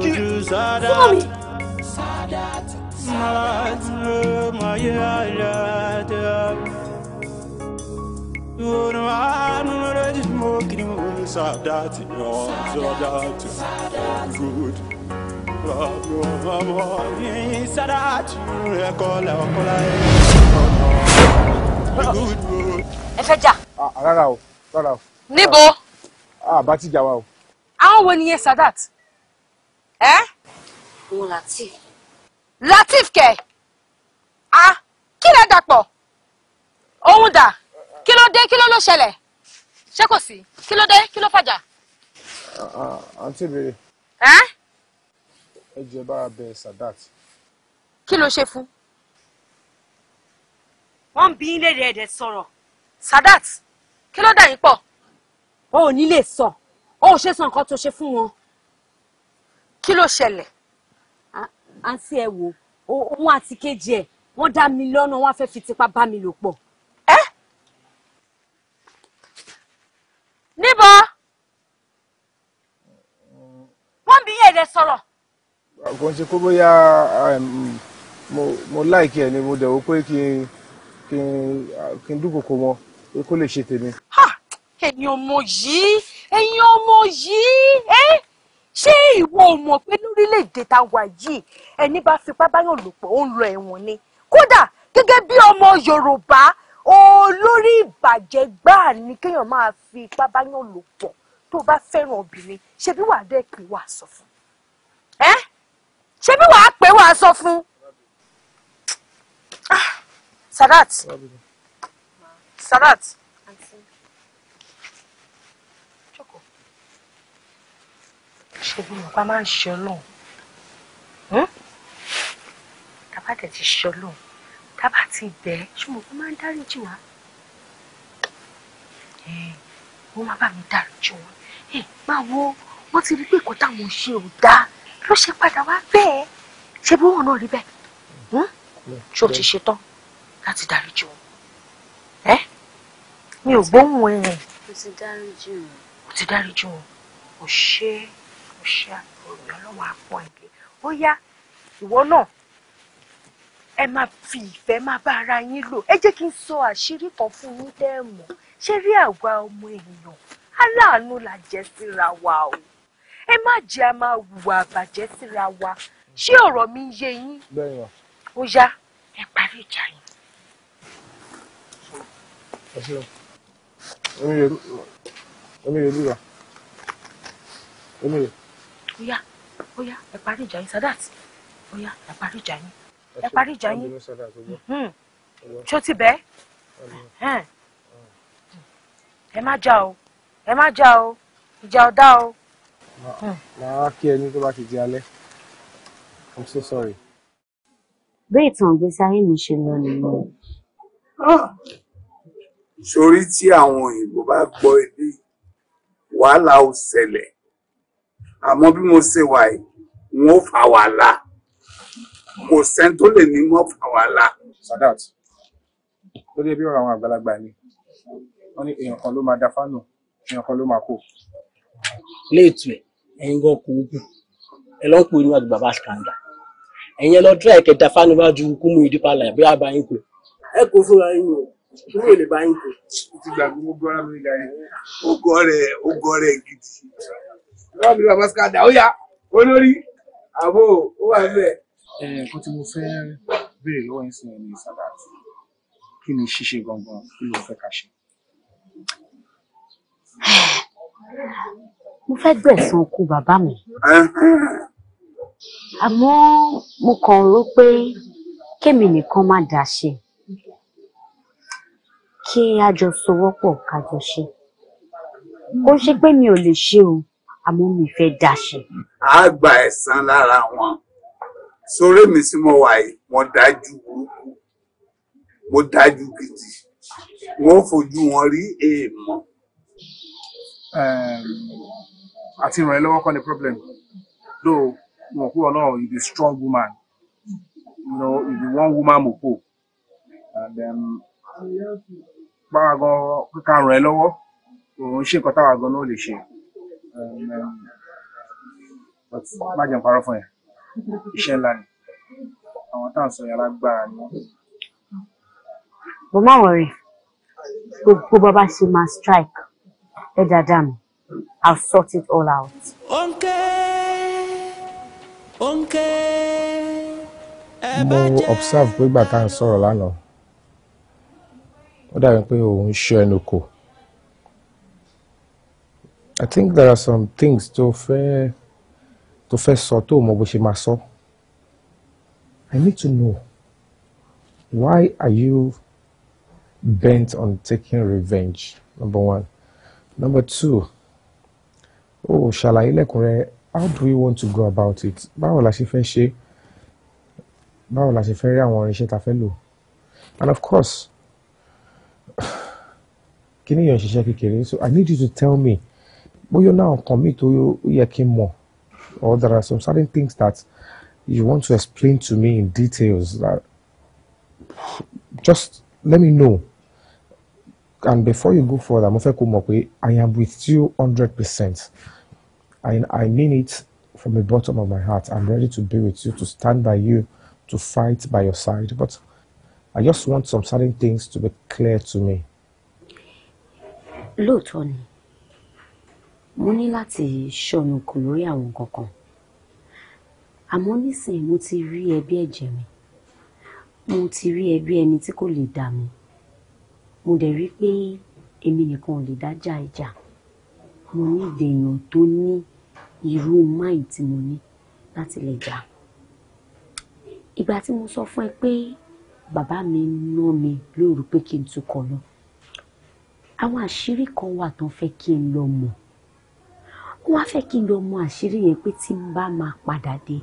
kí súnmọ́ mi. Sadat, your Sadat, good. Sadat, recall our collar. Ẹ fẹ́ Rárá o, rárá o. Níbo? Àbá ah, ti jà wa o. Àwọn wo ni yẹn Sadat? Ẹ́. Eh? òun Latif. Latif kẹ̀ a kí lẹ dàpọ̀ òun dà kí ló dé kí ló ló ṣẹlẹ̀ ṣé kò sí kí ló dé kí ló fàjà. àǹtí ìbéèrè. ẹ jẹ́ bá a bẹ Sadat. kí ló ṣe fún. wọ́n ń bí ilé ẹ̀dẹ̀ sọ̀rọ̀ Sadat kí ló dà yín pọ̀. o ò ní lè sọ o ò ṣe sọ nǹkan tó ṣe fún wọn kí ló ṣẹlẹ̀ àǹtí ẹ wò òun àti kejì ẹ wọ́n dá mi lọ́nà wọ́n á fẹ́ fi tipa bá mi lò pọ̀. ẹ níbo wọ́n bí èdè sọ̀rọ̀. kò ń ṣe kó bóyá um, mo láìkí ẹ ni mo dẹ̀ wò pé kí n kí n dúnkòkò wọn pé kó lè ṣe tèmi. ẹ̀yin ọmọ yìí ẹ̀yin ọmọ yìí ṣé ìwọ ò mọ̀ pé lórílẹ̀‐èdè tá a wà yìí ẹni bá fipá báyọ̀ lò pọ̀ ó ń lọ ẹ̀wọ̀n ni kódà gẹ́gẹ́ bí ọmọ Yorùbá olórí ìbàjẹ́ gbáà ni kéèyàn máa fi ipá báyọ̀ lò pọ̀ tó bá fẹ́ràn obìnrin ṣebí wàá dẹ́ pé wàá sọ fún ẹ́ ṣebí wàá pé wàá sọ fún ah, Sadat Sadat. ṣùgbọ́n ọ̀pá máa ń ṣe ọlọ́run hm? tábà tẹ̀ ṣe ọlọ́run tábà ti bẹ̀ ẹ́ ṣùgbọ́n ọ̀pá máa ń dáríjì wá wọ́n má bà mí dáríjì wọn máa wo wọ́n ti rí pé kò táwọn ṣe ò dáa ló ṣe padà wá bẹ́ẹ̀ ṣe bí wọn náà rí bẹ́ẹ̀ hm? ṣó ti ṣetán láti dáríjì wọn mi ò gbóhùn ẹ̀rìn. o ti dáríjì wọn. o o ṣe o ṣe àbúrò mi ọlọ́wọ́ àpọ̀ ilé ó yá ìwọ náà ẹ máa fi ìfẹ́ máa bá ara yín lò ẹ jẹ́ kí n sọ àṣírí kan fún yín tẹ́ ẹ mọ̀ ṣé rí àwa ọmọ èèyàn aláàánú la jẹ́ síra wa o ẹ má jẹ́ a máa hùwà àbàjẹ́ síra wa ṣé ọ̀rọ̀ mi ń yé yín ó yá ẹ parí ìjà yín. Emire, Emire, Emire ó yá ó yá ẹ parí ìjà yín sadat ó yá ẹ parí ìjà yín ẹ parí ìjà yín ṣó hmm. ti bẹ́ẹ̀ hmm. ẹ má jà o ẹ má jà o ìjà ọ̀dá o. màá hmm. kí ẹni tó bá ti di alẹ́ i'm so sorry. bí ìtàn ìgbésí ayé mi ṣe lọ nìyẹn. Ah. sórí tí àwọn òyìnbó bá gbọ́ èdè wàhálà ò ṣẹlẹ̀ àmọ́ bí mo ṣe wà yìí wọn ò fà wàhálà kò sẹ́ni tó lè ní wọn fà wàhálà. Sadat lórí ẹbí ọ̀rọ̀ àwọn àgbàlagbà ni wọ́n ní èèyàn kan ló máa da fánù èèyàn kan ló máa kó. léètù ẹ ẹ̀yin gan kò gùn ẹ lọ ń pè ní àdùbà bá ṣàǹdà ẹ̀yin ẹ lọ dúrà ẹkẹ da fánù bá ju kú mú ìdípa là bí àbá yín kò. ẹ kò fúnra yín o kúrò ò lè bá yín kò. ó ti gbàgbé ó mi ga yẹn ó gọ́ rẹ̀ ó gọ́ rẹ̀ gidi lọ́wọ́ mi lọ́wọ́ mọ́síkàdà ó yá olórí àbò ó wà bẹ́ẹ̀. ẹ nǹkan tí mo fẹ́ béèrè lọ́wọ́ yín sí ni ní sàdáàtì kí ni ṣíṣe gangan kí ló fẹ́ ká ṣe. mo fẹ́ gbẹ̀san okú bàbá mi àmọ́ mo kàn rò pé kémi nìkan má dà ṣe kí a jọ sowọ́pọ̀ ká jọ ṣe ó ṣe pé mi ò lè ṣe o àmọ́ mi fẹ́ dáṣe. a gba ẹ̀san lára wọn sórí mi sí mo wà yìí mo dájú burúkú mo dájú gidi wọn ò fojú wọn rí èèmọ. àti ìrànlọ́wọ́ kọ́ ni problem though mo kú ọ you be strong woman you know you be one woman moko and um, báwa gan kíkà ràn ẹ́ lọ́wọ́ òun ṣe nǹkan táwa gan náà lè ṣe but má jẹun parọ́ fún ẹ iṣẹ́ ńlá ni àwọn tá à ń sọ yẹn lágbára ni. mo má wọrí gbogbo bàbá ṣe máa strike ẹ dáadáa mi I'll sort it all out. ònkẹ́ ònkẹ́ ẹ bá jẹ́. mo observe pé ìgbà tá à ń sọ̀rọ̀ lánàá ó dàbí pé òun ṣe ẹnu kò. I think there are some things to fẹ́ To fẹ́ sọ tó mọ bó ṣe máa sọ. I need to know why are you bent on taking revenge number one number two oh, ṣàlàyé lẹ́kùnrẹ́rẹ́ how do we want to go about it báwo la ṣe fẹ́ ṣe báwo la ṣe fẹ́ rí àwọn irinṣẹ́ ta fẹ́ lò and of course (sighs) kí ni yàn ṣiṣẹ́ kékeré so I need you to tell me But you now commit, tó yẹ kí n mọ̀ or there are some certain things that you want to explain to me in details that just let me know and before you go further I am with you 100%. percent and I mean it from the bottom of my heart I'm ready to be with you to stand by you to fight by your side but I just want some certain things to be clear to me. Look, Tony mo ní láti ṣọ́nu kù lórí àwọn nǹkan kan àmọ́ nísìnyí mo ti rí ẹbí ẹ̀jẹ̀ mi mo ti rí ẹbí ẹni tí kò lè dà mí mo dẹ̀ rí pé èmi nìkan ò lè dájà ìjà mo ní ìdènà tó ní irú máì tí mo ní láti lè jà ìgbà tí mo sọ fún ẹ pé bàbá mi ná mi lóru pé kí n tukọ̀ lọ àwọn àṣírí kan wà tó ń fẹ́ kí n lọ mọ̀ wọ́n wá fẹ́ kí n lọ mọ àṣírí yẹn pé tí n bá máa padà dé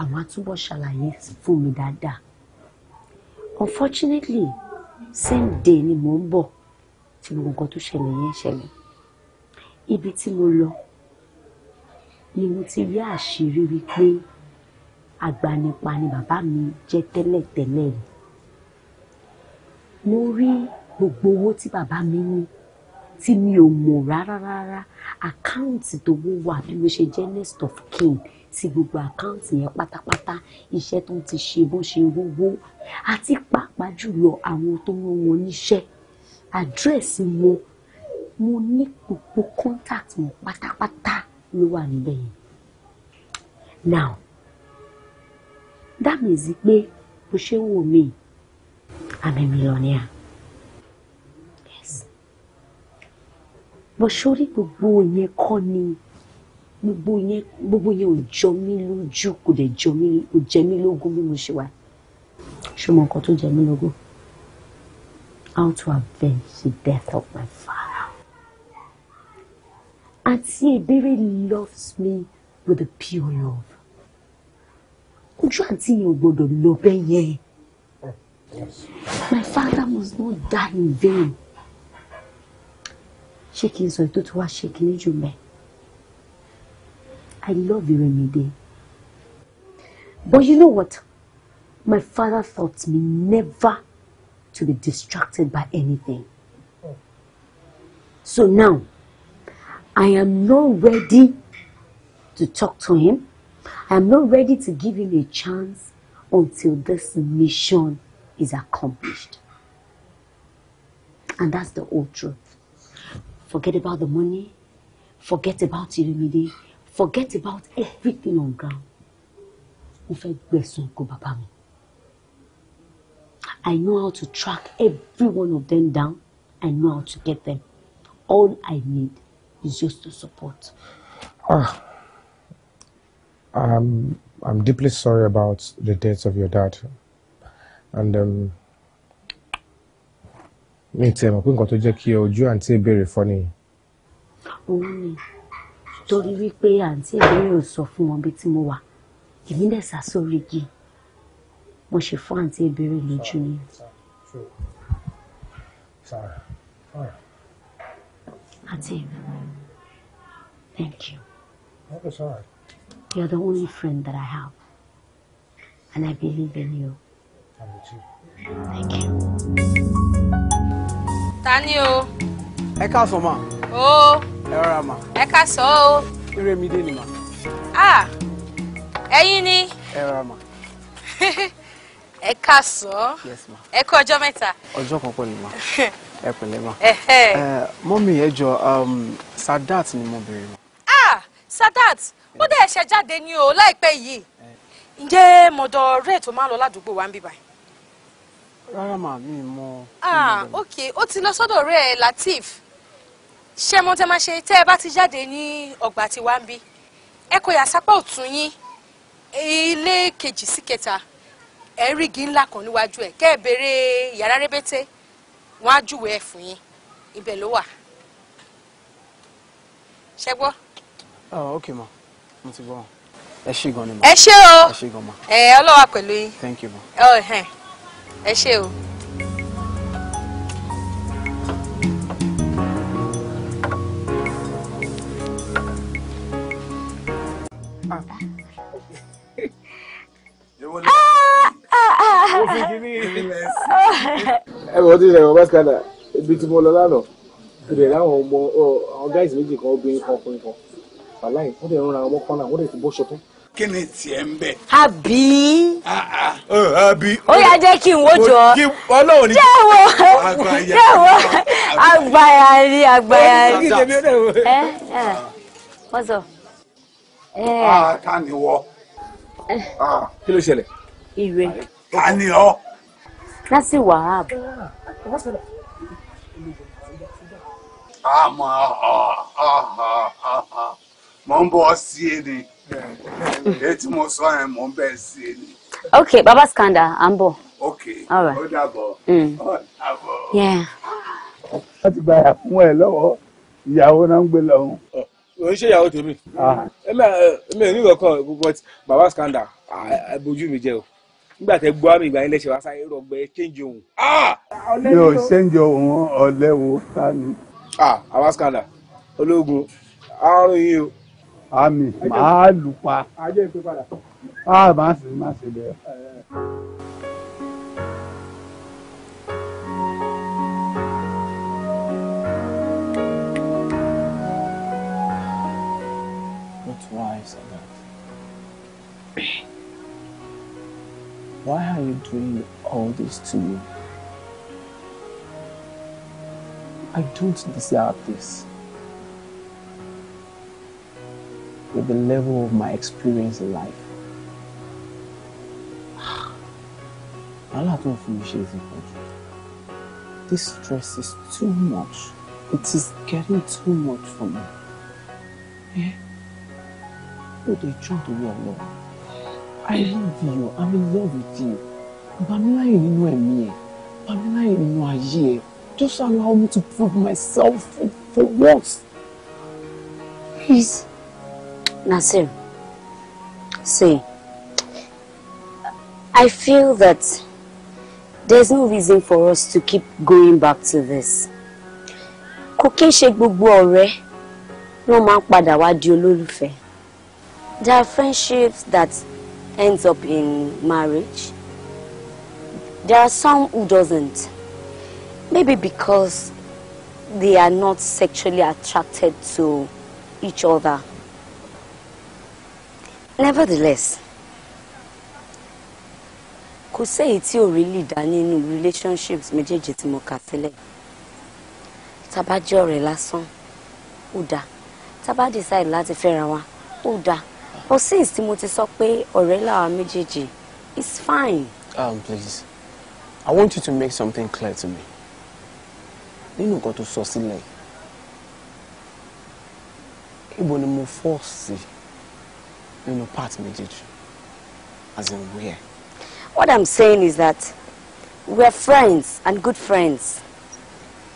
àwọn á ṣàlàyé fún mi dáadáa unfortunately same day ni mò ń bọ̀ tí gbogbo nǹkan tó ṣẹlẹ̀ yẹn ṣẹlẹ̀ ibi tí mo lọ ni mo ti rí àṣírí wípé agbanipa ni bàbá mi jẹ́ tẹ́lẹ̀tẹ́lẹ̀ mo rí gbogbo owó tí bàbá mi ní tí mi ò mọ̀ rárá rárá àkáǹtì tó wó wà bí mo ṣe jẹ́ next of kin sí gbogbo àkáǹtì yẹn pátápátá iṣẹ́ tó ti ṣe bó ṣe wówó àti pàápàá jùlọ àwọn tó rán wọn níṣẹ́ àdírẹ́sì wọn mo ní gbogbo contact wọn pátápátá ló wà níbẹ̀ yẹn now that means pé bó ṣe wò mí I'm a millionaire. bó sórí gbogbo yẹn kọ́ ni gbogbo yẹn gbogbo yẹn ò jọ mí lójú kò dẹ̀ jọ mí ò jẹ mí lógún bí mo ṣe wà ṣé nǹkan tó jẹ mí lógún how to avenge the death of my father Auntie Ebere loves me with a pure love ojú àǹtí yẹn ò gbọdọ̀ lọ bẹ́ẹ̀ yẹn mm, my father must not die in vain. Shaking sọ ètò tí wàá ṣe mẹ́ I love you Remide but you know what my father taught me never to be distracted by anything so now I am not ready to talk to him I am not ready to give him a chance until this mission is accomplished and that's the whole truth. Forget about the money. Forget about Iremide. Forget about everything on ground. Mo fẹ́ gbẹ̀sùn kó bàbá mi. I know how to track every one of them down. I know how to get them. All I need is just the support. Ah, I'm, I'm deeply sorry about the death of your dad. And um, mi tiẹ̀ mọ̀ pé nǹkan tó jẹ́ kí ojú àǹtí ìbéèrè fọ́ nìyẹn. òun ni torí wípé àǹtí ìbéèrè ò sọ fún wọn bí tí mo wà èmi dẹ̀ sá sórí igi mo ṣe fún àǹtí ìbéèrè lójú ni. àǹtí thank you. You're the only friend that I have, and I believe in you. Thank you ta ni o. ẹ káàsán ma. o. ẹ rọra ma. ẹ káàsán o. eré mi dé ni ma. a ẹyin ni. ẹ rọra ma. (laughs) ẹ káàsán. yes ma. ẹ kú ọjọ́ mẹ́ta. ọjọ́ kan pẹ̀lú ma (laughs) ẹ pẹ̀lẹ́ ma. mọ́mí ẹ jọ um, sadat ni mo béèrè ma. a sadat ó dẹ̀ ṣe jáde ní o láìpẹ́ yìí ǹjẹ́ mọ̀dọ̀ rẹ̀ tó máa lọ ládùúgbò wa ń bíbáyìí rárá màá mi mọ. ah ok ó ti lọ sọ́dọ̀ ọ̀rẹ́ ẹ̀ Latif ṣé mo tẹ́ máa ṣe tẹ́ ẹ bá ti jáde ní ọgbà tí wàá ń bí ẹ kò yà sápá ọ̀tún yín ilé kejì sí kẹta ẹ̀ ń rígi ńlá kan níwájú ẹ̀ kẹ́ ẹ béèrè yàrá rẹ́bẹ́tẹ́ wọ́n á júwèé ẹ̀ fún yín ibẹ̀ ló wà ṣẹ gbọ́. Ah, ok ma mo ti gbọ́ ẹ ṣé gan ni ma ẹ ṣé o ẹ ṣé gan ma ẹ ọlọ́wà pẹ̀lú yín. thank you ma. Oh, hey. Eh ẹ ṣé o. Ah, ah, ah, ẹ bọ̀ tí ìṣẹ̀lẹ̀ ọba skada ibi tí mo lọ lánàá ìbẹ̀rẹ̀ láwọn ọmọ ọ̀gáìsì méjì kan obìnrin kan ọkùnrin kan wàláì wọ́n dẹ̀ ń ra ọmọ kan náà wọ́n dẹ̀ ti bọ́ ṣọtún kí ni tiẹ̀ ń bẹ̀. àbí. àbí. ó yà jẹ́ kí n wo jọ. ọlọ́run ni. jẹ́ wo jẹ́ wo àgbàyà ni àgbàyà ni. ẹ ẹ wọ́n sọ. ká ah, ni wọ. Ah. kí ló ṣẹlẹ̀. ìwé. ká ni ọ. násì wàhálà. àmọ́ ah, mo ń bọ́ sí i ni. Okay, baba skanda à ń bọ̀. ok ó dàbọ̀ mm. ó dàbọ̀. wọ́n náà ń gbé lọ́hùn. ò ń ṣe ìyàwó tèmi èmi ah. ò ní ìrọ̀kan but baba skanda bojú mi jẹ o nígbà tẹ gbọ́ àmì ìgbà yẹn lẹ́sẹ̀ wá sáyé rọgbẹ́ change ohun. Ah! mi ò change ohun ọ̀lẹ́wò tani. àwa ah, skanda ológun àrùn yìí o àmì màá lù pa a ah, máa sì máa sì bẹ́ẹ̀. Why are you doing all this to me? I don't deserve this. with the level of my experience in life. I don't finish it This stress is too much. It is getting too much for me. Yeah? Oh, you try to be alone. I love you. I'm in love with you. But I'm Bamilaye nínú ẹ̀mí I'm Bamilaye nínú ayé ẹ̀. Just allow me to prove myself for, for once. Please. Nasir, see, I feel that there's no reason for us to keep going back to this. Kò kí ore, no man ọ̀rẹ́ ló máa There are friendships that ends up in marriage. There are some who doesn't. Maybe because they are not sexually attracted to each other nevertheless kò séyìí tí ò rí lì dá nínú relationships méjèèjì tí mo kà sílẹ̀ tabajẹ́ ọ̀rẹ́ lásán ó dáa tábà decide láti fẹ́ra wa ó dáa but since tí mo ti sọ pé ọ̀rẹ́ làwa méjèèjì it's fine. Um, please I want you to make something clear to me nínú nǹkan tó sọ sílẹ̀ ibo ni mo fọ́ sí i nínú part méjèèjì as in where. What I'm saying is that we're friends and good friends.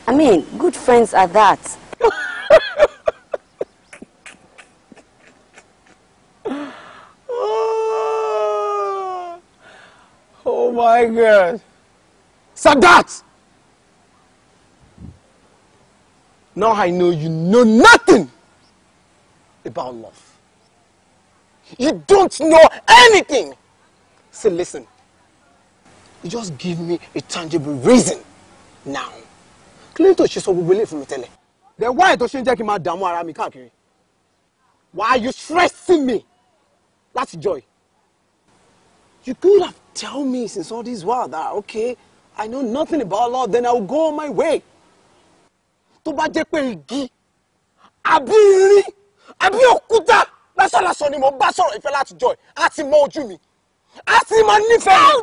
I mean, good friends are that. (laughs) oh my God. Sadat! Now I know you know nothing about love. You don't know anything. So listen, you just give me a tangible reason now. Kí to ń tó ṣe sọ gbogbo ilé Then why don't you take my kí n máa dààmú ara mi káàkiri? Why are you stressing me? That's joy. You could have told me since all this while that okay, I know nothing about law. then I'll go on my way. Tó bá jẹ́ pé igi, àbí irin, àbí òkúta lásánlásán ni mo bá sọ̀rọ̀ ìfẹ́ láti jọ ẹ̀ á ti mọ ojú mi á ti mọ nífẹ̀ẹ́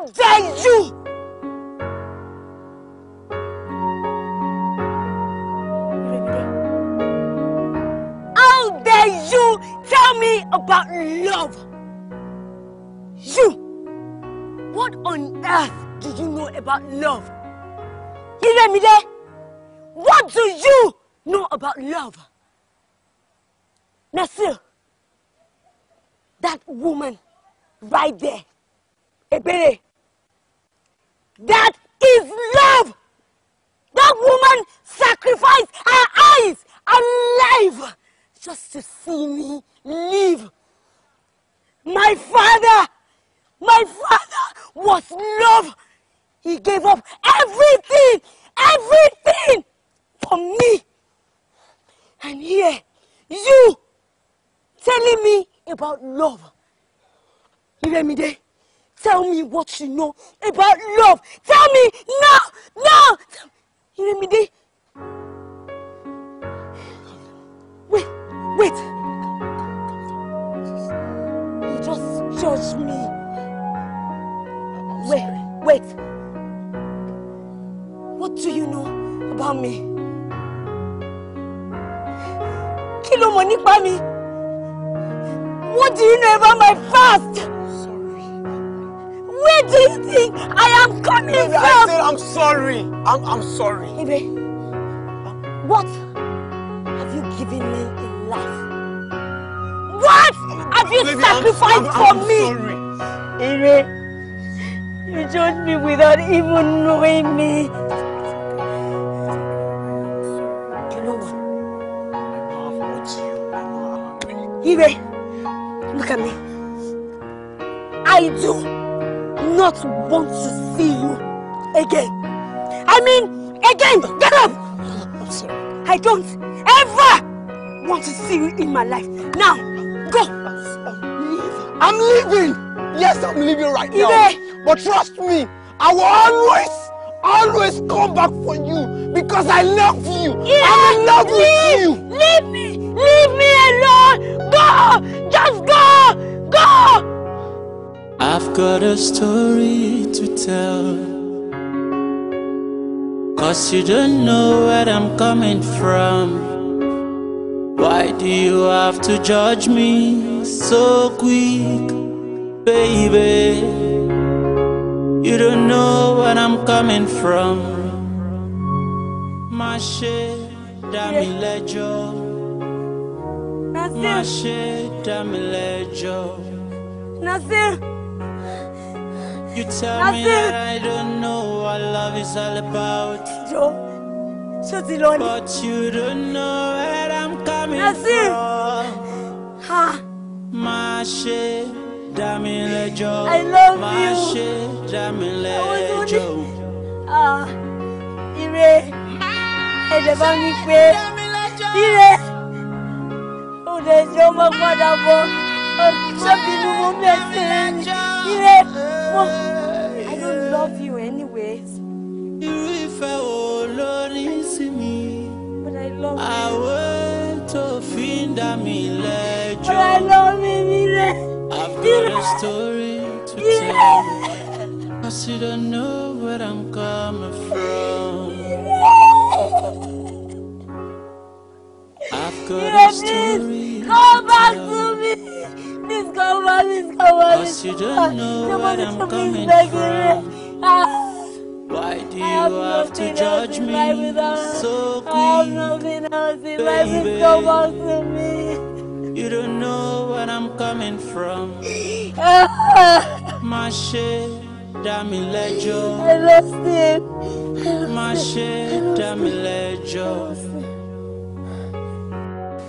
How dare you! How dare you tell me about love? You! What on earth do you know about love? Iremide, what do you know about love? Nasir. woman right there. Ebere. That is love. That woman sacrificed her eyes and life just to see me live. My father, my father was love. He gave up everything, everything for me. And here, you telling me about love. Remide, tell me what you know about love. Tell me now, now. Remide, wait, wait. You just judge me. Wait, wait. What do you know about me? Kí money mọ̀ nípa What do you know about my past? Where do you think I am coming Baby, from? I said I'm sorry. I'm, I'm sorry. Baby, what have you given me in life? What have you Baby, sacrificed I'm, I'm, I'm for me? I'm sorry. Ere, you judge me without even knowing me. You know what? Ire, look at me. I do not want to see you again. I mean, again, get up! I'm sorry. I don't ever want to see you in my life. Now, go! I'm leaving! Yes, I'm leaving right Ide. now. But trust me, I will always, always come back for you because I love you. Ide. I'm in love leave, with you. Leave me! Leave me alone! Go! Just go! Go! I've got a story to tell. Cause you don't know where I'm coming from. Why do you have to judge me so quick, baby? You don't know where I'm coming from. My shit, Dami Lejo. Nasir. Má ṣe dá Nasir. You tell me that I don't know what love is all about. Yo, ṣé ti lọ But you don't know where I'm coming That's from. It. Ha. Má ṣe I love you. Ah, Má ṣe dá Ah, ire. de ba mi pé. Ire. Ó lè jẹ́ ọmọ padà bọ̀. Ṣébínú mo ní ẹsẹ̀ ire I don't love you anyway. Irú ìfẹ́ wo ló ní sí mi? But I love you. Àwẹ̀ tó fi ń dá mi lẹ́jọ́. But I love you, Mire. I've got a story to tell. Cause you don't know where I'm coming from. I've got a story to tell. Come back to me. Please come back, please come back. Cause you don't know where I'm coming from. Ah. Why do you have, have to judge me so quick? I have nothing else in life. Please come back to me. You don't know where I'm coming from. Ah. My shit, Damilejo. I lost it. My shit, Damilejo.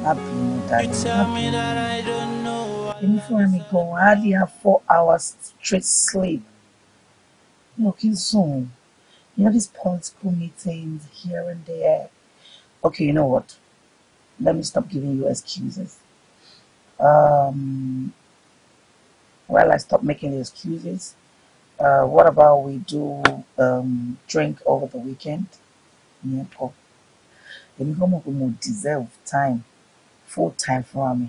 You tell me that I don't Informicon hardly have four hours straight sleep. You soon. You know these political meetings here and there. Okay, you know what? Let me stop giving you excuses. Um, well, I stop making excuses. Uh, what about we do um, drink over the weekend? èmi kọ́ mọ̀ pé mo deserve time full time for me.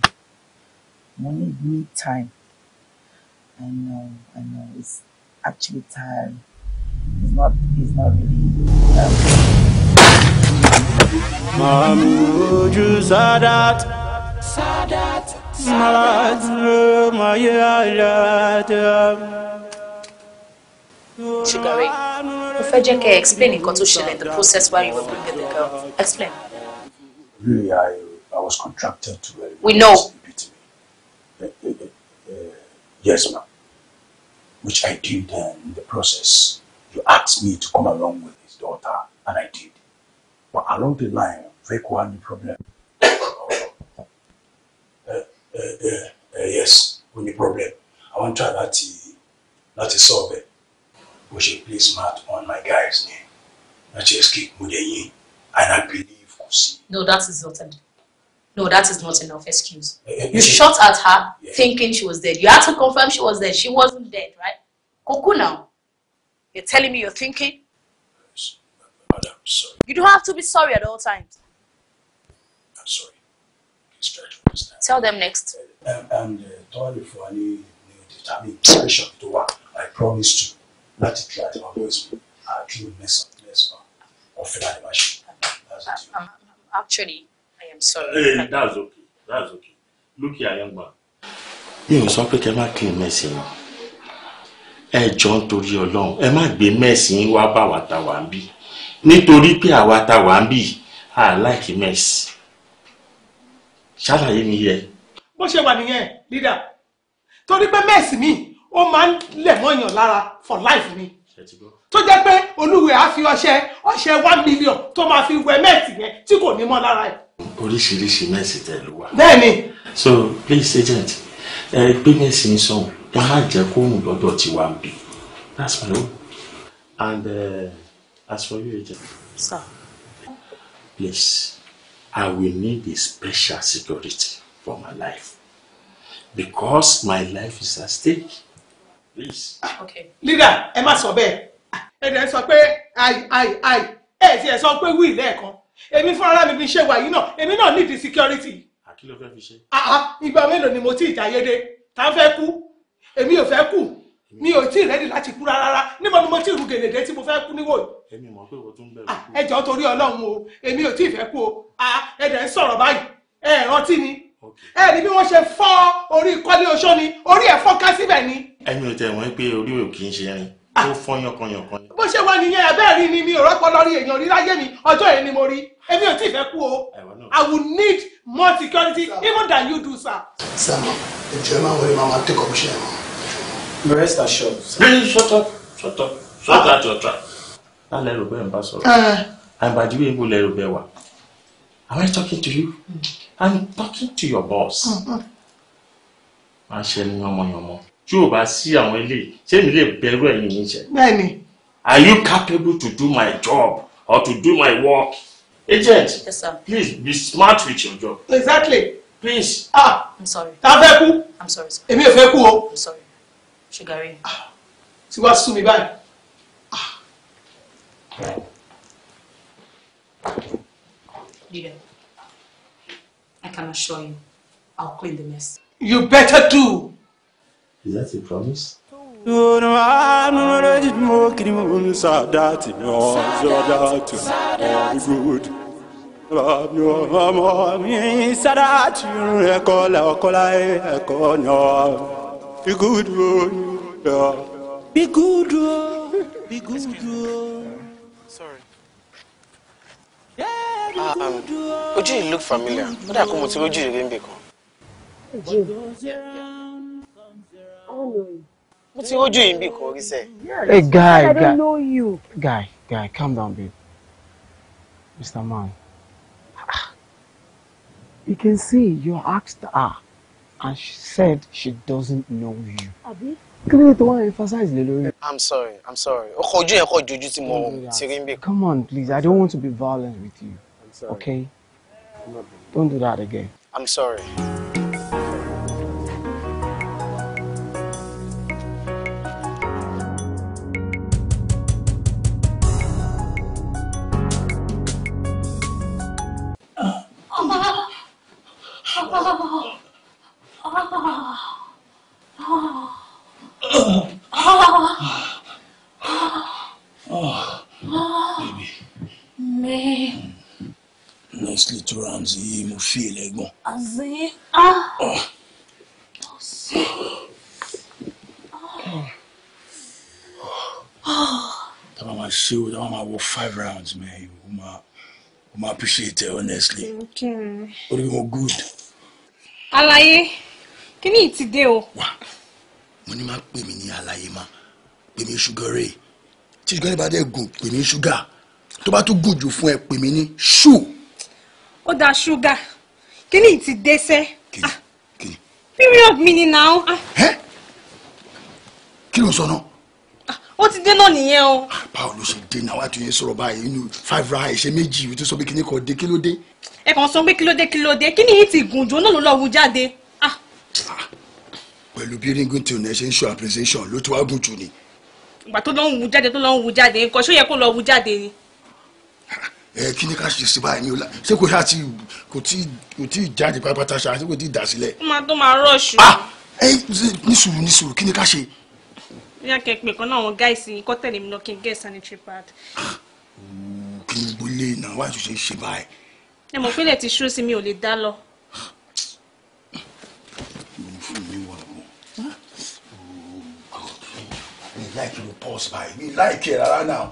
mo need time. I know, I know, it's actually time. It's not, it's not really. Mamu Sadat Sadat Sadat explain in tó the process why you were bringing the girl. Explain. Really, I, I was contracted to. We know. Eh, yes, ma'am. Which I did Then eh, in the process. You asked me to come along with his daughter, and I did. But along the line, fake one problem. uh, uh, uh, yes, we need problem. I want to try that to is solve it. We should place mat on my guy's name. Not just keep Mudeyin, and I believe. Kusi. No, that is not a No, that is not enough excuse. Eh, eh, you eh. shot at her yeah. thinking she was dead. You had to confirm she was dead. She wasn't dead, right? Koku now. You're telling me you're thinking? Madam, sorry. You don't have to be sorry at all times. I'm sorry. Please try to understand. Tell them next. Um, and totally for any determined to work. I promise to let it try to always uh, mess up, mess up, or fill out the machine. That's it. Um, um, actually, that's okay. That's okay. Look here, young man. Mi ò sọ pé kẹ́ má clean mess yín. Ẹ jọ ń torí Ọlọ́run. Ẹ má gbé mess yín wá bá wa ta wà ń bì. Nítorí pé àwa ta wà ń bì, à like mess. Ṣàlàyé mi yẹ. Bó ṣe wà nìyẹn, leader. Torí pé mess mi, ó máa ń lẹ̀ mọ́ èèyàn lára for life mi tó jẹ́ pé olúwe á fi ọṣẹ ọṣẹ one million tó máa fi wẹ mẹ́ẹ̀tì yẹn tí kò ní mọ́ lára ẹ̀ oríṣiríṣi mẹ́sì tẹ̀ ló wà. bẹ́ẹ̀ni. so please agent ẹ gbé mẹ́sì ń sọ̀hún ẹ má jẹ́ kó rùn lọ́dọ̀ tí wàá bì that's my own and uh, as for you agent. sir. please I will need a special security for my life because my life is at stake. please. okay. leader ẹ má sọ bẹ́ẹ̀ ẹ dẹ̀ sọ pé ai ai ai ẹ ti ẹ sọ pé wíì lẹ́ẹ̀kan èmi fúnra mi fi ṣe wà yìí náà èmi náà nídìí security. àkìlọ̀ fẹ́ fi ṣe. ìgbà mélòó ni mo ti ìdáyédé tá a fẹ́ kú èmi ò fẹ́ kú mi ò tí ì rẹ́dì láti kú rárá níbo ni mo ti rú gèlèdè tí mo fẹ́ kú níwò. èmi mọ̀ pé ìwọ tó ń bẹ̀rù kú. ẹ jọ̀ọ́ torí Ọlọ́run o èmi ò tí ì fẹ́ kú o ẹ dẹ̀ ń sọ̀rọ̀ báyìí ẹ rántí ni ẹ ní bí wọ́n ṣe fọ́ orí kọ́lé oṣó ni orí ẹ̀ fọ́ká síbẹ̀ ni. ẹ̀mi ò tẹ̀ wọ́n pé orí ò kì ṣe irin ó fọn yankanyankan. bó ṣe wà nìyẹn ẹ̀bẹ́ rí ni mi ò rọ́pọ̀ lórí èèyàn rí láyé mi ọjọ́ yẹn ni mo rí èmi ò tí ì fẹ́ kú o I will need more security even than you do sir. sir ìjọ ẹ máa wọlé máa máa tẹkọọ ṣe ẹ rest assured. shut up shut up shut up your trap. lálẹ́ rò bẹ́ẹ̀ ń bá sọ̀rọ̀ eh. àìbàdí wo èèwọ̀ lẹ́rù bẹ́ẹ̀ wà am I talking to you mm. I'm talking to your boss. Mm-hmm. máa ṣe ní ọmọ yọmọ tí ò bá sí àwọn ilé ṣé mi lè bẹ̀rù ẹ̀yin yìí ṣe. bẹ́ẹ̀ni. are you capable to do my job or to do my work. agent yes, sir. please be smart with your job. exactly. please. ah i'm sorry. ta fẹ́ kú. i'm sorry sir. èmi ò fẹ́ kú o. i'm sorry. ṣùgàrí. Ah, tí wàá sún mi báyìí. Ah. Leader, I can assure you, I'll clean the mess. You better do. Is that a promise? Good. Be good, oh, be good, oh, be good. Uh, um, ojú yìí look familiar. Ó dà kó mo ti rójú ìrírí be bì kan. Ojú don't know him. Mo ti rójú Hey guy, guy. I don't know you. Guy, guy, calm down babe. Mr. Man. You can see you asked her and she said she doesn't know you. Abi? Kí ló dé emphasize lé lórí? I'm sorry, I'm sorry. Oh, ojú yẹn kọ̀ jojú tí mo Come on please, I don't want to be violent with you. I'm sorry. Okay? Don't do that again. I'm sorry. feel it gan. As in, máa ṣe o, tá máa wọ five rounds man, o máa o máa appreciate it honestly. O ní mo good. Alaye, kí ni ìtì dé o? Wà, mo ní máa pè mí ní Alaye ma, pè mí sugar. rẹ̀, tí ṣúgà rẹ̀ bá dẹ̀ gùn pè mí ṣúgà, tó bá tún gùn jù fún ẹ pè mí ní ṣù. Ó da ṣúgà kíní ti dé sẹ́ period mi ni ah. now. Ah. kí ló sọ náà. Ah, ó ti dé náà nìyẹn o. báwo ló ṣe dé náà wàá tún yẹn sọ̀rọ̀ báyìí inú five ra ẹ̀ṣẹ̀ méjì o tún sọ pé kíní kan dé kí ló dé. ẹ kàn sọ pé kí ló dé kí ló dé kíní yìí ti gùn jù náà ló lọ wú jáde. pẹ̀lú bí ringun tí òun ẹ ṣe ń ṣọ appreciation ló ti wá gùn jù ni. ìgbà tó lọ ń wú jáde tó lọ ń wú jáde nǹkan ṣó yẹ kó lọ wú jáde ni ẹ kí ni ká ṣe sí báyìí ní ọlá ṣé kò ṣáà ti kò tí kò tí jáde pátápátá ṣáà ṣé kò tí dà sílẹ̀. ó máa tó máa rọ̀ṣù. ah ẹ ní sùúrù ní sùúrù kí ni ká ṣe. bí a kẹ́ pè kan náà àwọn gáìsì ikọ́ tẹ̀lé mi lọ kí n gẹ́ sanitary pad. Ah! kí ni gbogbo ilé iná wá ṣe ṣe báyìí. ẹ mọ̀ pé ilẹ̀ ti ṣú sí mi ò lè dá lọ. Ah! mi láìkì ló pause báyìí mi láìkì rárá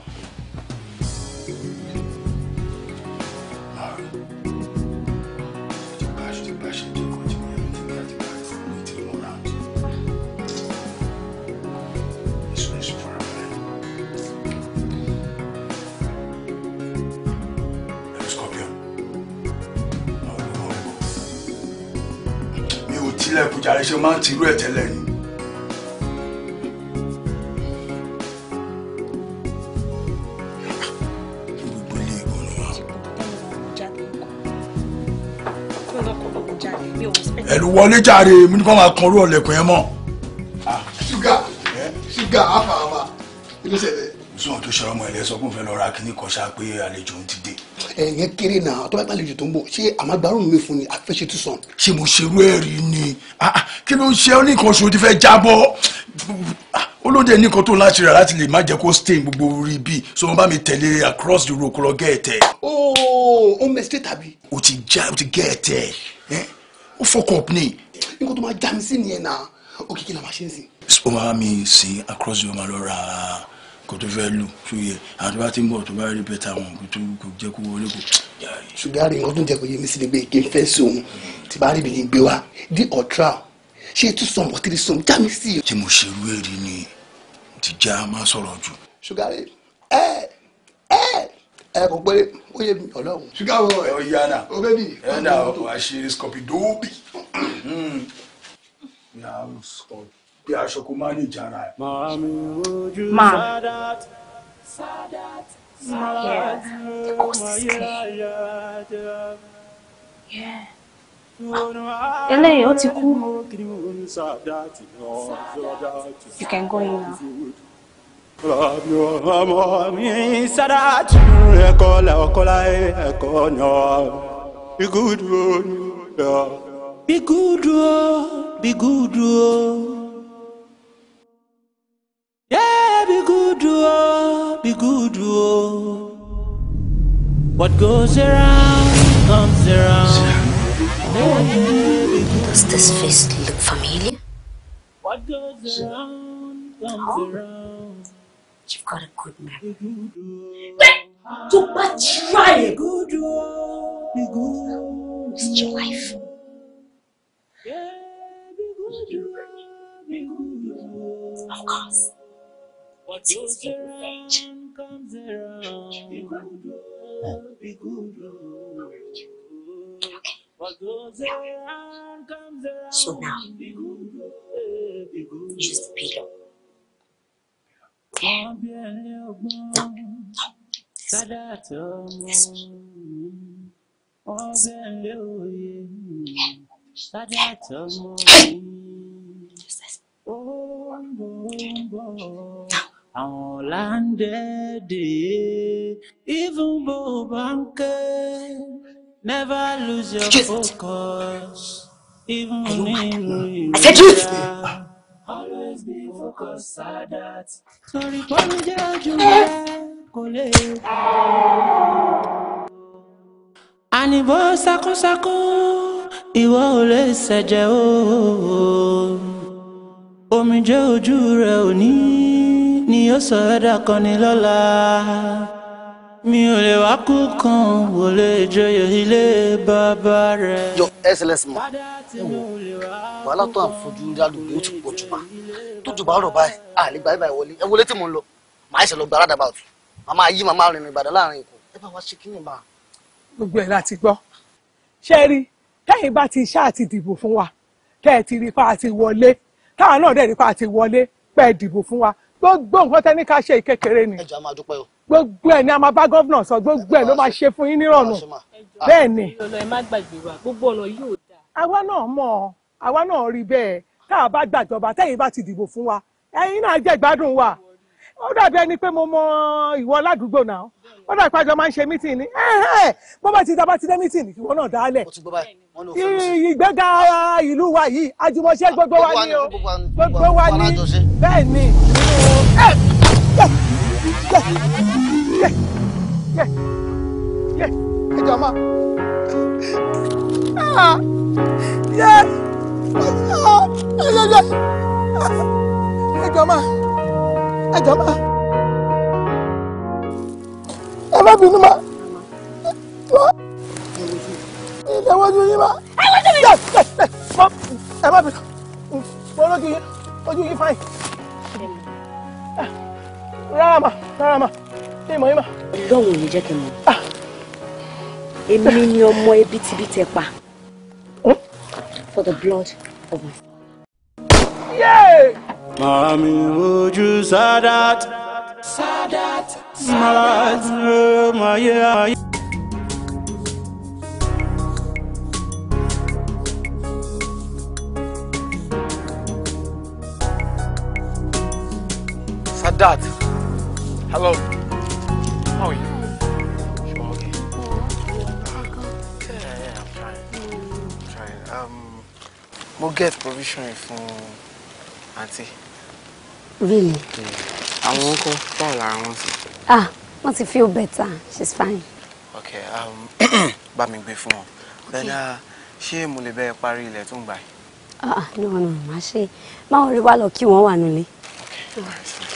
sílẹ̀ kùjà rẹ̀ ṣe máa ń tirú ẹ̀ tẹ́lẹ̀ ni. ẹ̀rù wọlé jàre mi ní kó máa kan orú ọ̀lẹ̀kùn yẹn mọ́. Ah, ṣúgà ṣúgà àfààfà ilé ṣẹlẹ̀. sùn tó ṣe ọmọ ẹlẹ́sọ kó fẹ́ lọ ra kíní kọ́ṣá pé àlejò ń ti dé ẹ̀yẹn kéré náà tó bá gbàlejò tó ń bọ̀ ṣé àmàgbárùn mi fún ni àfẹ́ṣe tún sàn. ṣé mo ṣerú ẹ̀ rí ni ah, ah, kí ló ń ṣe ó ní nǹkan oṣù fẹ́ jábọ́ olóde ah, nìkan tó láti rà láti lè má jẹ́ kó stain gbogbo orí bí so wọ́n bá mi tẹ̀lé across the road kó lọ gẹ́ ẹ̀tẹ̀. ooo oh, o mẹ́sítẹ́ tàbí. o ti já o ti gẹ́ ẹ̀tẹ̀ ẹ́ o fọkọ̀ ní. nǹkan tó máa já mi sí nìyẹn náà òkìkí làwọn ṣe ń sìn. o máa mi sin across the road máa lọ ra kò tó fẹ́ lù ṣòye àwọn tó bá ti ń bọ̀ tó bá rí bẹ́tà wọn kò tó kò jẹ́ kó wọlé kò. ṣùgbọ́n àrùn nǹkan tó ń jẹ́ kó yé mi sí ni pé kí n fẹ́ sóun tí bá rí mi ní gbé wa di ọ̀tra ṣé two sum or three sum já mi sí. tí mo ṣe irú èrè ni ti já má sọ̀rọ̀ jù. ṣùgbọ́n ẹ ẹ ẹ kò pé ó yé mi ọlọ́run. ṣùgbọ́n ọ̀ yàrá ẹ̀ náà ọ̀ àṣírí scorpidobi. yàrá scorpidobi bí aṣọ kò má ní ìjára ẹ. ma yeah yeah eléyìí ó ti kú you can go in now. ọmọ mi sára jù ẹ̀kọ́ lẹ́ọ̀kọ́ good, oh, be good, oh. What goes around comes around. Does this face look familiar? What goes around comes oh. around. You've got a good man. Wait! To but try good, good. It's your life. Yeah, be good, be good. Of course. what is in revenge. Yeah. So now, use the pillow. Yeah. No, no. Yes. Yes. Yes. Yes. Yes. Yes àwọn láńdẹ́ẹ̀dẹ́ even bó o bá never lose your Just. focus even I said ìrora always be focused on that Sorry for jẹ́ ojú rẹ kò lè kọ́. ànìbó ṣakúṣakú ìwọ ò lè ṣẹ̀jẹ̀ o omijé ojú rẹ ò ní ni ó sọ ẹ̀dá kan ní lọ́lá mi ò lè wá kú kan wò lè jọyọ̀ ilé bàbá rẹ̀. yọ sls mọ ẹ wò wàhálà tó à ń fojú rí àlùkò ó ti pọ̀ jù bá tó jù bá rọ̀ báyìí àlè gbà báyìí wọlé ẹ wọlé tí mò ń lọ màá ṣe lọ gba aládàbà òtù màmá yí màmá rìnrìn Ìbàdàn láàrin Èkó ẹ bá wá ṣe kí ni mà. gbogbo ẹ̀ láti gbọ́ ṣe rí tẹ́yìn bá ti ṣáà ti dìbò fún wa tẹ́ ẹ ti rí pa àti wọlé táwọn náà dẹ̀ rí pa àti wọlé pẹ́ dìbò fún wa gbogbo nǹkan tẹ́ ní ká ṣe ìkékeré ni gbogbo ẹ̀ ni a máa bá gọ́vnà sọ gbogbo ẹ̀ ló máa ṣe fún yín nírọ̀nù bẹ́ẹ̀ ni. àwa náà mọ̀ àwa náà rí bẹ́ẹ̀ tá a bá gbàjọba tẹ́yìn bá ti dìbò fún wa ẹ̀yin náà jẹ́ ìgbádùn wa ó dàbí ẹni pé mo mọ ìwọ ládùúgbò náà ó dàbí pàjọ máa ń ṣe mítìn ni bó bá ti dá bá ti dé mítìn ìwọ náà dálẹ̀ ìgbéga ìlú wa yìí àjùmọ̀ṣe gbogbo wa ni o gbogbo wa ni bẹ́ẹ̀ ni ojú yín fáyìn rárá mà rárá mà ní ìmọ̀ ò ní jẹ́ kí n mọ̀ èmi ni ọmọ ẹbí tibí tẹ pa for the blood of my. Mami ojú Sadat. Sadat. Sadat. Mami ojú Sadat. Sadat. Hello. How are you? You okay? Yeah, yeah, I'm trying. I'm trying. Um, we'll get provision from auntie. Really? Yeah. Àwọn ọkọ call lára wọn Ah, wọ́n ti feel better. She's fine. Okay, um, but (clears throat) me gbé fún Then, uh, ṣé she lè be parí ilẹ̀ tó ń gbà ah, ah, no, no, má ṣe. Máa ń rí wá lọ kí wọ́n wà nílé. Okay, all right.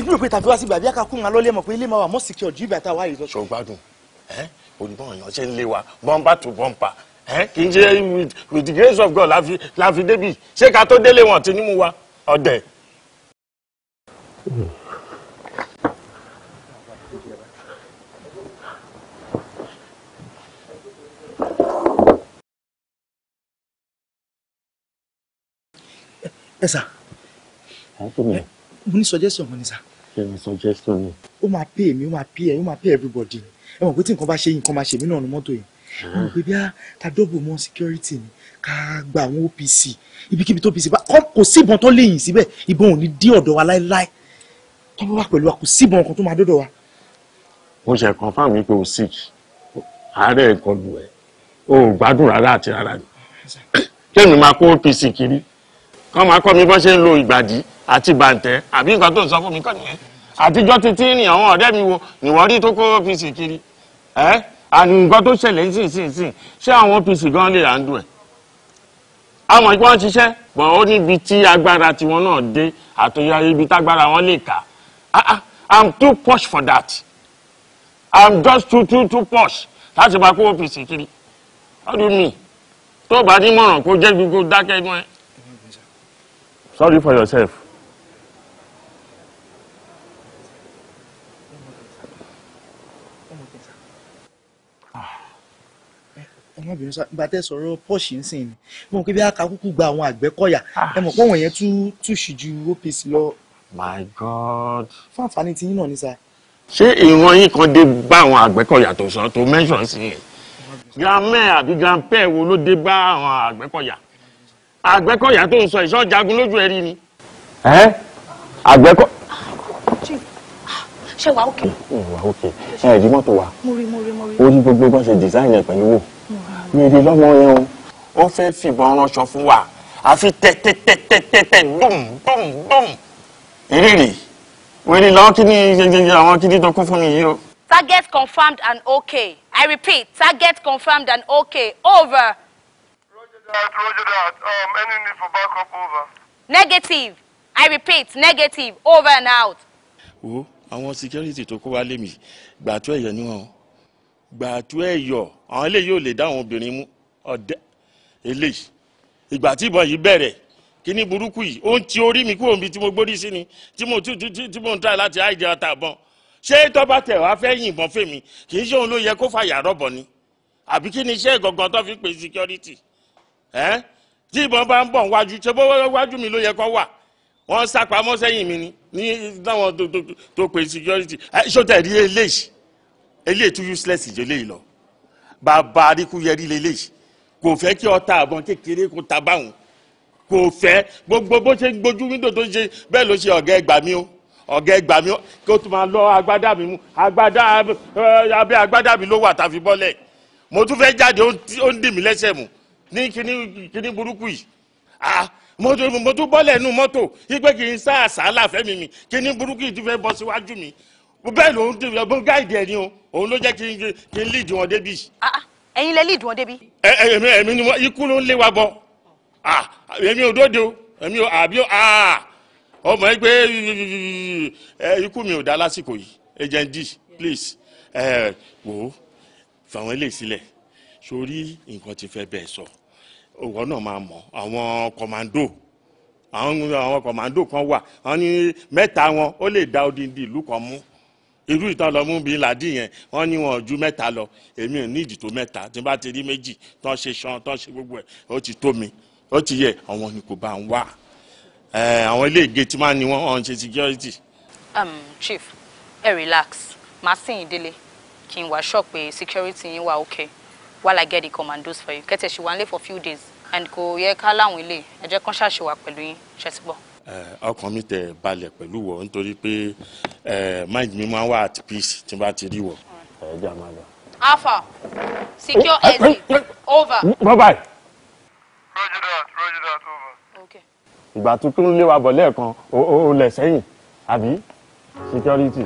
ìdúró pé tàbí wá sí bàbí àkàkùn alọ́lé mọ̀ pé ilé máa wà mọ́ secure ju ibà tá a wá yìí lọ. ṣògbádùn ẹ onígbọ̀n èèyàn ṣe ń lé wa bọ́ńbà tó bọ́ńbà ẹ kì í ṣe with with the grace of God láfi láfi débì ṣé ká tó délé wọn ti ní mú wa ọ̀dẹ̀. ẹ sà mo ní suggestion kan ní sà. kẹrin suggestion ni. ó máa pay èmi ó máa pay ẹ ó máa pay everybody ẹ mọ̀ pé tí nǹkan bá ṣe yín nǹkan máa ṣe mí náà ní mọ́tò yìí mo rò pé bí a ta double mọ́ security ni ká gba àwọn OPC ibikíbi tó OPC bá kò sí ìbọn tó léyìn síbẹ̀ ìbọn ò ní dí ọ̀dọ̀ wa láéláé tó bá wà pẹ̀lú wa kò sí ìbọn kan tó máa dọ́dọ̀ wa. mo ṣe confirm mi pé o sick àárẹ̀ ìkọlù ẹ̀ o ò gbádùn rárá àti rárá ni kí èmi máa kó OPC kiri kán máa kọ́ mi bọ́n ṣe ń lo ìgbàdí àti bàǹtẹ́ àbí nǹkan tó ń sọ fún mi kọ́ nìyẹn àtijọ́ títí ní àwọn ọ̀rẹ́ mi wo nìwọ́n rí tó kó OPC kiri ẹ́ àní nǹkan tó ṣẹlẹ̀ ń sìn sìn sìn ṣé àwọn OPC gan lè handle ẹ̀ àwọn ìpọ́n ṣiṣẹ́ bọ̀ ó níbi tí agbára tiwọn náà dé àtòyà ibi tágbára wọn lè kà ah, ah, I'm too posh for that I'm just too too too posh láti máa kó OPC kiri how do you mean tó bá ní mọ̀ràn kó jẹ́ gbogbo dákẹ́ inú ẹ̀. Sorry for yourself. ọmọbìnrin ah. tẹ sọ̀rọ̀ pọọsì ń sìn ni mo mọ pé bí akakúkú gba àwọn àgbẹ̀kọ̀yà ah. ẹ mọ pé òun yẹn tú túṣì ju OPC lọ. my god. fún àǹfààní tí yín náà ní sa. ṣé ìran yín kan dé bá àwọn àgbẹ̀kọ̀yà tó sọ tó mention sí yẹn grandmère àbí grandpère wo ló dé bá àwọn àgbẹ̀kọ̀yà àgbẹ́kọ̀yà tó ń sọ ìṣọ́ jagun lójú ẹ̀rí ni. ẹ àgbẹ́kọ̀. ṣé wàá òkè. wàá òkè ẹ ẹ̀dí mọ́tò wa ó ní gbogbo bá ṣe design ẹ̀ pẹ̀lú wò mi rí lọ́mọ yẹn o. wọ́n fẹ́ fìbọn ránṣọ fún wa àfi tẹ́tẹ́tẹ́tẹ́tẹ́ dùn dùn dùn ìrírì wẹ́n ní lọ́wọ́ kí ni àwọn kí ni tó kún fún mi yìí o. target confirmed and okay i repeat target confirmed and okay over. That, roger that. Um, any need for backup over? Negative. I repeat, negative. Over and out. Oh, àwọn security tó kó wá lé mi gbàtú ẹ̀yọ̀ ni wọn gbàtú ẹ̀yọ̀ àwọn eléyìí ò lè dá àwọn obìnrin mú ọ̀dẹ́ eléyìí ìgbà tí ìbọn yìí bẹ̀rẹ̀ kíní burúkú yìí ó ń ti orí mi kúrò níbi tí mo gbórí sí ni tí mo tú tí mo ń tà láti àìjẹ ọ̀tá bọ́n ṣé tọ́ba tẹ̀ wá fẹ́ yìnbọn fèmí kì í ṣe òun ló yẹ kó fàyà rọ̀bọ̀ ni àbí kí ni iṣẹ́ gangan tó fi pè security ẹ́ tí ìbọn bá ń bọ̀ wájú ṣe bó wájú mi ló yẹ kó wà wọ́n sá pamọ́ sẹ́yìn mi ni ní táwọn tó tó tó pè security ṣọ́tà ẹ̀rí eléyìí eléyìí tún useless ìjọ eléyìí lọ bàbá aríkúyẹrí eléyìí kò fẹ́ kí ọta àbọn kékeré kó ta báwọn kò fẹ́ gbogbo bó ṣe ń gbójú wíńdò tó ṣe bẹ́ẹ̀ ló ṣe ọ̀gá ẹgbà mi o ọ̀gá ẹgbà mi o kó tó máa lọ agbádá mi mú agbádá abẹ́ agbádá mi ló wà tàfi bọ́lẹ̀ mo tún fẹ́ jáde ó ń dì mí lẹ́sẹ̀ mú ní kíní kíní burúkú yìí ah mọ́tò mọ́tò bọ́lẹ̀ nù mọ́tò yípe kì í sá àsálà fẹ́mi mi kíní burúkú yìí ti fẹ́ bọ́ síwájú mi bẹ́ẹ̀ lòun ti fẹ́ bọ́ gáìdì ẹ̀ ni o òun ló jẹ́ kí n kí n lead wọn débi. ẹ̀yin lẹ lead wọn débi. ẹ ẹ èmi èmi ni ikú ló ń lé wa bọ ah èmi ò dóde o èmi ò àbí o ah ọmọ ẹ gbé ikú mi ò dá lásìkò yìí agent d please ẹ wò ó fàwọn eléyìí sílẹ̀ sórí nǹkan tí fẹ́ bẹ́ẹ̀ sọ. So òwò náà máa mọ̀ àwọn kọ̀mándò àwọn àwọn kan wà wọ́n ní mẹ́ta wọn ó lè da odindi ìlú kan mú irú ìtàn lọ mú yẹn wọ́n ní wọn ju mẹ́ta lọ èmi ò ní ìdì tó mẹ́ta tí n bá ti rí méjì tán ṣe ṣan tán ṣe gbogbo ẹ̀ ó ti tó mi ó ti yẹ àwọn ni kò bá ń wà àwọn ilé ìgètì máa ní wọn ọ̀hún ṣe security. Um, chief ẹ relax màá sìn yín délé kí n wá ṣọ́ọ̀pù pé security yín wà okay while I get the commandos for you Kete she wà nílé for few days and kò yẹ ká láwọn ilé ẹ jẹ́ kán ṣàṣewà pẹ̀lú yín ṣẹ́sígbọ́. ọkàn mi tẹ balẹ̀ pẹ̀lú wọ nítorí pé mind mi máa wà at peace tí n bá ti rí wọ. ẹ jà máa lọ. alpha secure oh, exit over. bye bye. roger that roger that over. okay. ìgbà tuntun lé wa bọ̀ lẹ́ẹ̀kan ó lẹ̀ sẹ́yìn àbí security.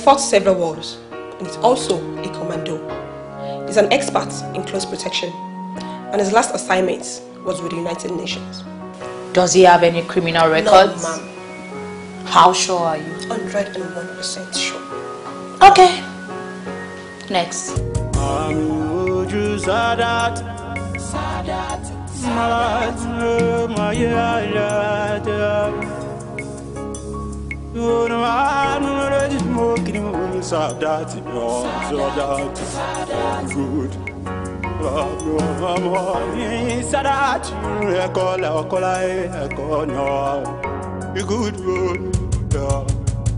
fought several wars and is also a commando. He's an expert in close protection and his last assignment was with the United Nations. Does he have any criminal records? No, ma'am. How sure are you? 101% sure. Okay. Next. Sadat. Sadat. Nuna nuna di smoke ni mun sadati no sadati good. Sadati ekola okola eko no be good o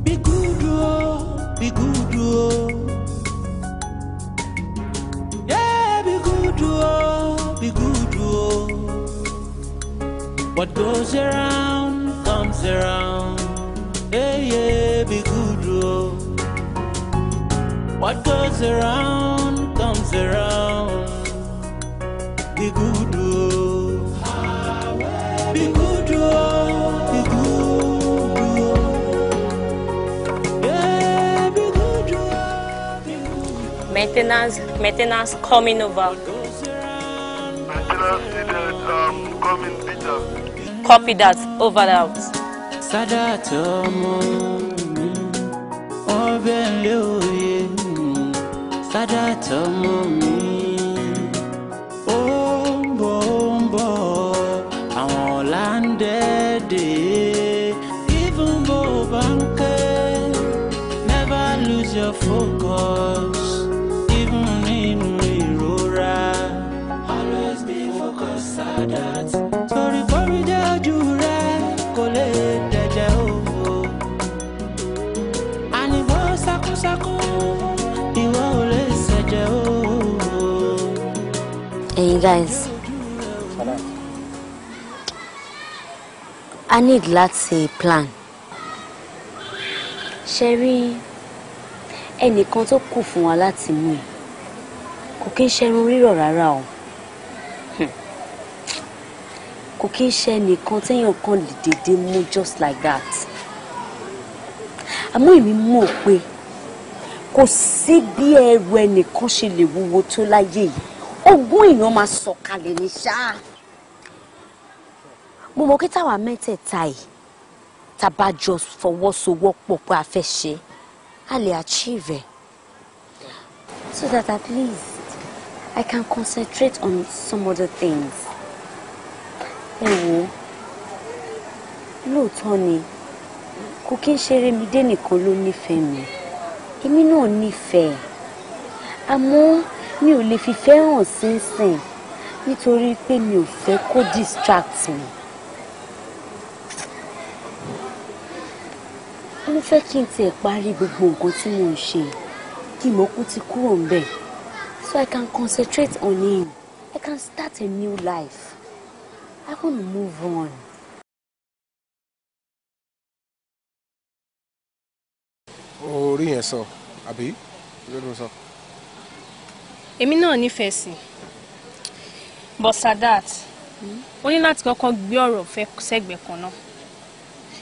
be good o be good o yeah be good o be good o. What goes around comes around. Hey, yeah, be good, oh. What goes around comes around. Be good, oh. Be good, oh. maintenance maintenance coming over. Maintenance needed um, coming Peter. Copy that over out. Sàdátì ọmọ mi ọbẹ̀ ńlẹ̀ òye Sàdátì ọmọ mi. apologize. I need lots of plan. Sherry, any ẹnìkan tó kù fún wa láti mú ẹ kò kí ń ṣẹrun rírọ̀ rárá o hmm. kò kí ń ṣe just like that àmọ́ èmi mọ̀ pé kò sí bí ẹrù ẹnìkan ṣe lè wúwo tó láyé yìí ogún èèyàn máa sọ̀kalẹ̀ ní ṣáá mo mọ̀ kí táwa mẹ́tẹ̀ẹ̀ta yìí tá a bá jọ fọwọ́sowọ́pọ̀ pé a fẹ́ ṣe a lè achieve ẹ̀. so that at least I can concentrate on some other things. ẹ wo lóòótọ́ ni kò kí n ṣeré mi dé nìkan ló nífẹ̀ẹ́ mi èmi náà nífẹ̀ẹ́ àmọ́ mi ò lè fi fẹ́ hàn sínsìn nítorí pé mi ò fẹ́ kó distract mi. mo fẹ́ kí n tiẹ̀ parí gbogbo nǹkan tí mo ń ṣe kí mo kú ti kúrò ń bẹ̀ so I can concentrate on him I can start a new life I want move on. orí yẹn sọ àbí ló ló sọ èmi náà nífẹ̀ẹ́ sí but sadat ó ní láti kọ́kọ́ gbé ọ̀rọ̀ fẹ́ sẹ́gbẹ̀ẹ́ kan náà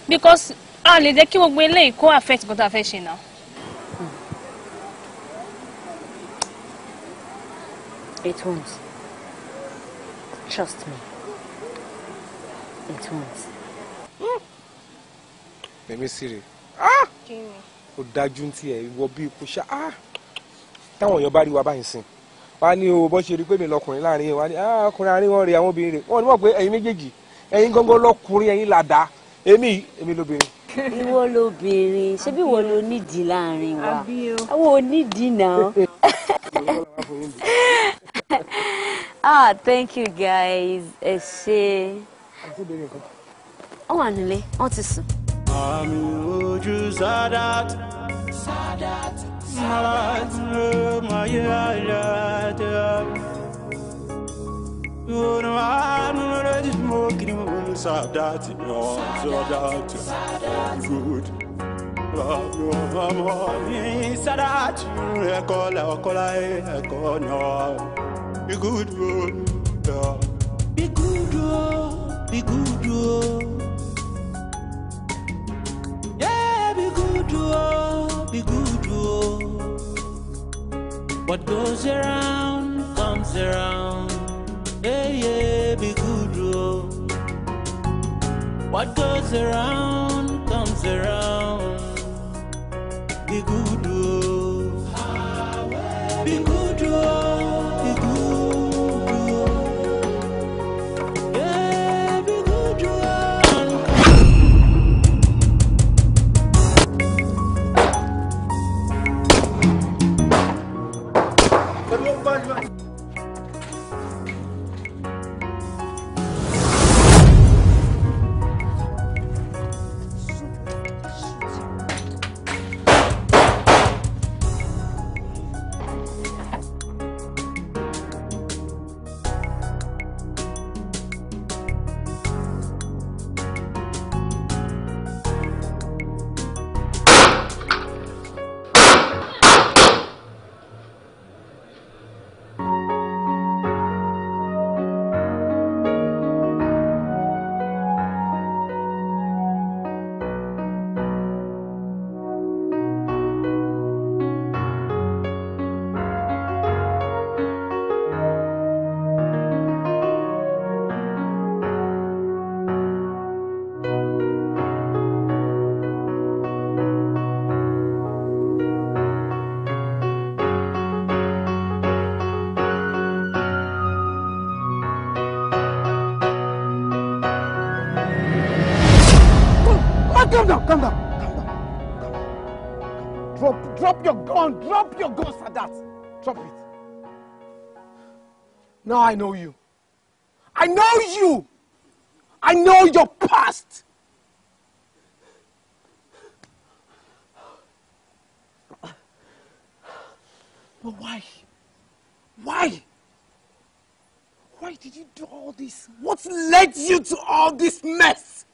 because a lè jẹ́ kí gbogbo eléyìí kó affect bó ta fẹ́ ṣe náà. It won't. Trust me. It won't. Mẹ̀mí Sire. Ah! Ó dájú ní tiẹ̀ ìwọ bí ikú ṣá. Ah! Táwọn èèyàn bá rí wa báyìí sìn wá ní o bọ́ ṣe rí pé mi lọkùnrin láàrin yẹn wá ah, ọkùnrin àárín wọn rè àwọn obìnrin rè wọn ni wọn pé ẹ̀yin méjèèjì ẹ̀yin gangan lọkùnrin ẹ̀yin làdá èmi èmi lóbìnrin. ìwọ lóbìnrin ṣé bí ló nídìí láàrin wa àwọn onídìí náà. (laughs) ah thank you guys ẹ ṣe. wọ́n wà nílé wọ́n ti sùn. àmì ojú Sadat Sadat. Sadat, no, Sadat, good. Sadat, recall, recall, recall, no. Be good, be good, be good. be good, be good. What goes around comes around. Hey, yeah, be good, oh. What goes around comes around. Be good. down, calm down, calm down, calm down. Drop, drop your gun, drop your gun, Sadat. Drop it. Now I know you. I know you. I know your past. But why? Why? Why did you do all this? What led you to all this mess?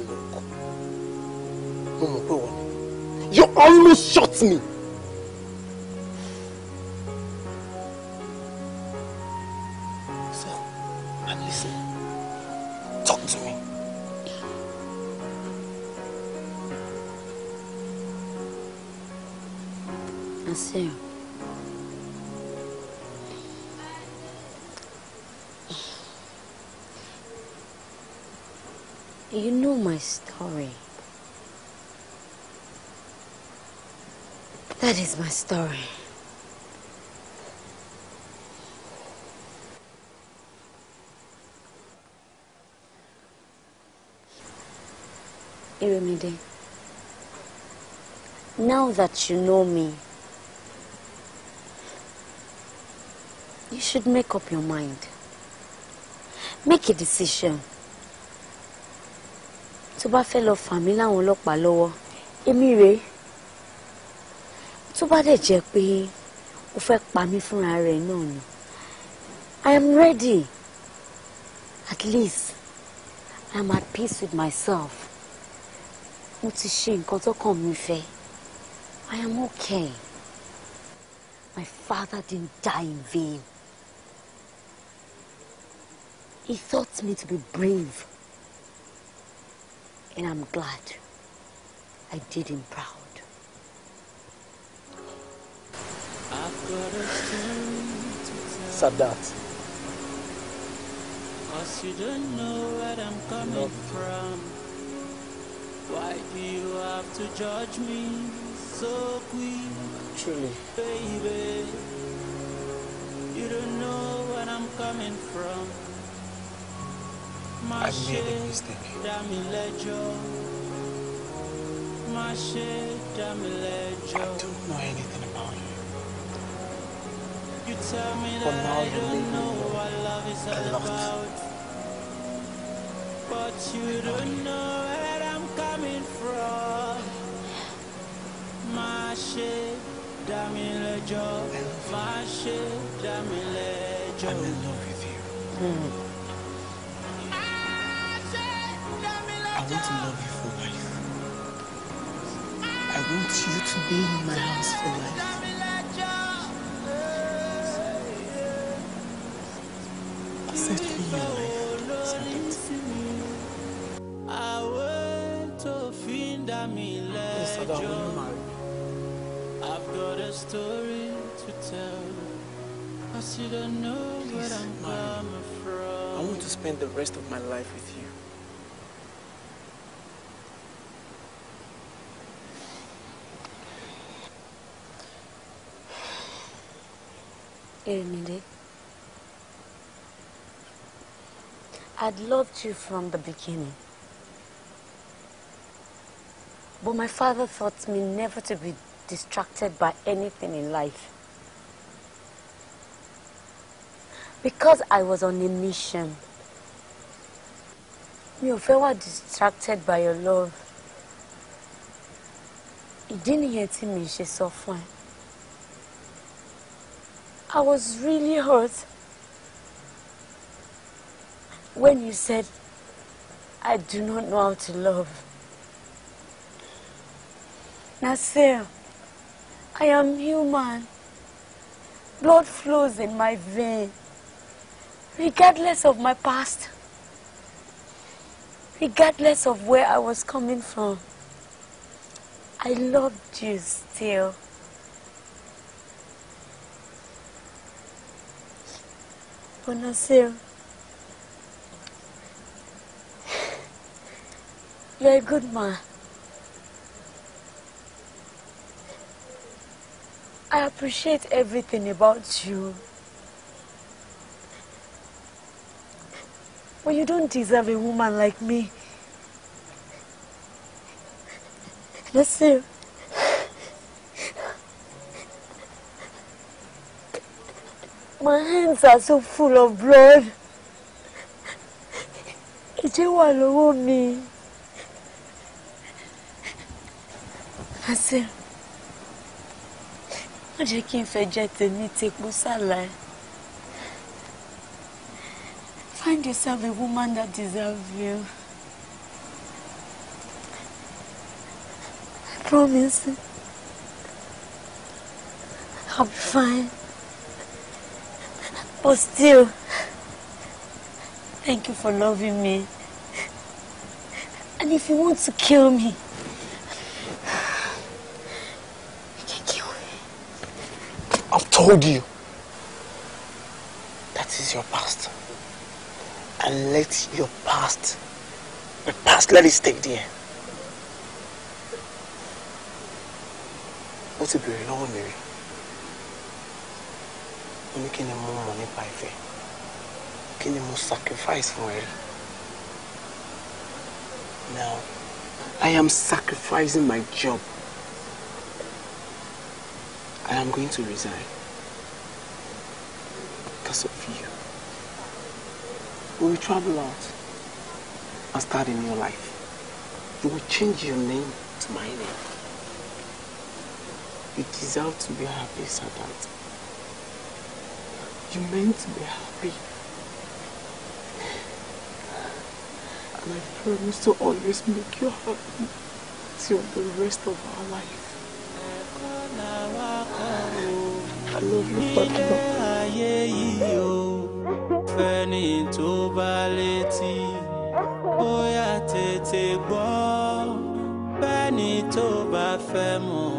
that look you almost shot me. That's my story. Iremide, now that you know me, you should make up your mind. Make a decision. Tó bá fẹ́ lọ fà mí láwọn ọlọ́pàá lọ́wọ́, èmi tó bá dẹ̀ jẹ́ pé o fẹ́ pa mí fúnra rẹ̀ náà ni I am ready at least I am at peace with myself mo ti ṣe nǹkan tó kàn mí fẹ́ I am okay my father didn't die in vain he thought me to be brave and I'm glad I did him proud. Sadat. Cause you don't know where I'm coming no. from. Why do you have to judge me so quick? Truly. Baby, you don't know where I'm coming from. My I made a mistake. I don't know anything. For now, you what love is A lot. But you don't know where I'm coming from. I'm in love with you. I want to love you for life. I want you to be in my house for life. you don't know Please, where I'm coming from. I want to spend the rest of my life with you. Emily, I'd loved you from the beginning. But my father taught me never to be distracted by anything in life. because I was on a mission mi ò fẹ́ wà distracted by your love ìdí nìyẹn tí mi ṣe sọ fún ẹ I was really hurt when you said I do not know how to love Nasir I am human blood flows in my veins. regardless of my past, regardless of where I was coming from, I loved you still. Bonasil, you're a good man. I appreciate everything about you. Well, you don't deserve a woman like me. Nasir. My hands are so full of blood. Ẹ̀jẹ̀ wà lọ́wọ́ mi. Nasir, má jẹ́ just n fẹ́ jẹ́ tèmi tèpo sálà ẹ̀. Find yourself a woman that deserves you. I promise. I'll be fine. But still, thank you for loving me. And if you want to kill me, you can kill me. I've told you. That is your past. and let your past, past let it stay there. ó ti bèrè lọ́wọ́ mi rí ó ní kí ni mo mọ̀ nípa ìfẹ́ kí ni mo sacrifice fún ẹ rí now I am sacrificing my job I am going to resign. You will travel out and start a new life. You will change your name to my name. You deserve to be happy, Sadat. You meant to be happy. And I promise to always make you happy till the rest of our life. I love you, Father. fẹ́ni tó bá létí bóyá tètè gbọ́ fẹ́ni tó bá fẹ́ mọ̀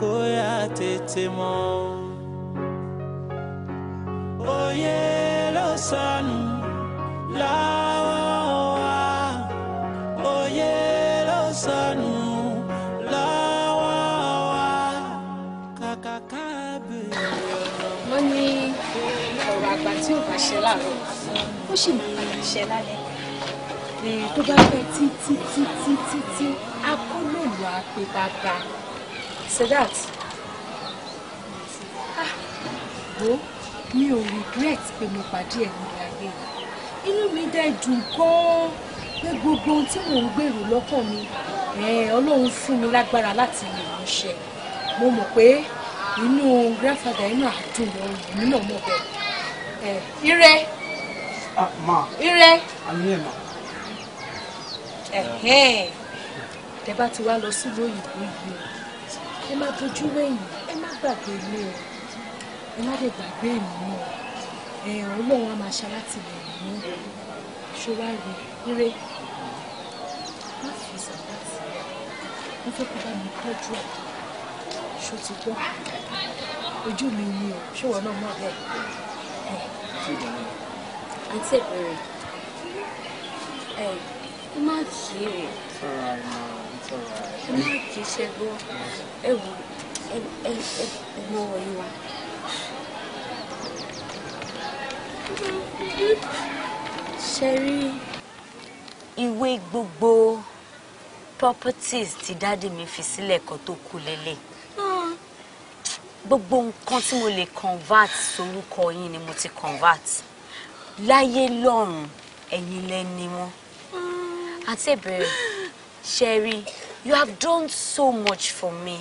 bóyá tètè mọ̀. òye ló sọnù. ó sì máa padà ṣẹ lálẹ́ tó bá pẹ́ títí títí títí akólòlò àpè bàbá Sedat ah, wo mi ò regret pé mo pàdé ẹ̀ nílé ayé inú mi dẹ̀ dùn gan-an pé gbogbo ohun tí mò ń gbèrò lọ́kàn mi Ọlọ́run fún mi lágbára láti lè mú ṣẹ mo mọ̀ pé inú grandfather inú àdùn lọ́rùn èmi náà mọ̀ bẹ́ẹ̀ ire. Ah, ire. Tẹ bá ti wá lọ sílùú òyìnbó yìí ẹ má bójú wẹ̀yìn ẹ má gbàgbé ilé o ẹ má lè gbàgbé ìmú o ẹ Ọlọ́run á máa ṣe alátìlẹyìn mú ṣọwárí ire má fi sàbátì wọ́n fẹ́ kó bá mi tọ́jú ẹ̀ ṣó ti gbọ́ ojú mi ni o ṣé wọ́n náà mọ̀ bẹ́ẹ̀ àǹtí ìbéèrè ẹ ẹ má kì í rè ẹ má kì í ṣe gbọ́ ẹ wò ẹ ẹ ẹ má wọlé wa. ṣe rí ìwé gbogbo properties tí dáàdì mi fi sílẹ̀ kan tó kú lélẹ̀ ah. gbogbo nǹkan tí mo lè convert sorúkọ yín ni mo ti convert láyé lọ́run ẹ̀yin lẹ́ni wọn. àǹtí ìbẹ̀rẹ̀ ṣẹ́rí you have done so much for me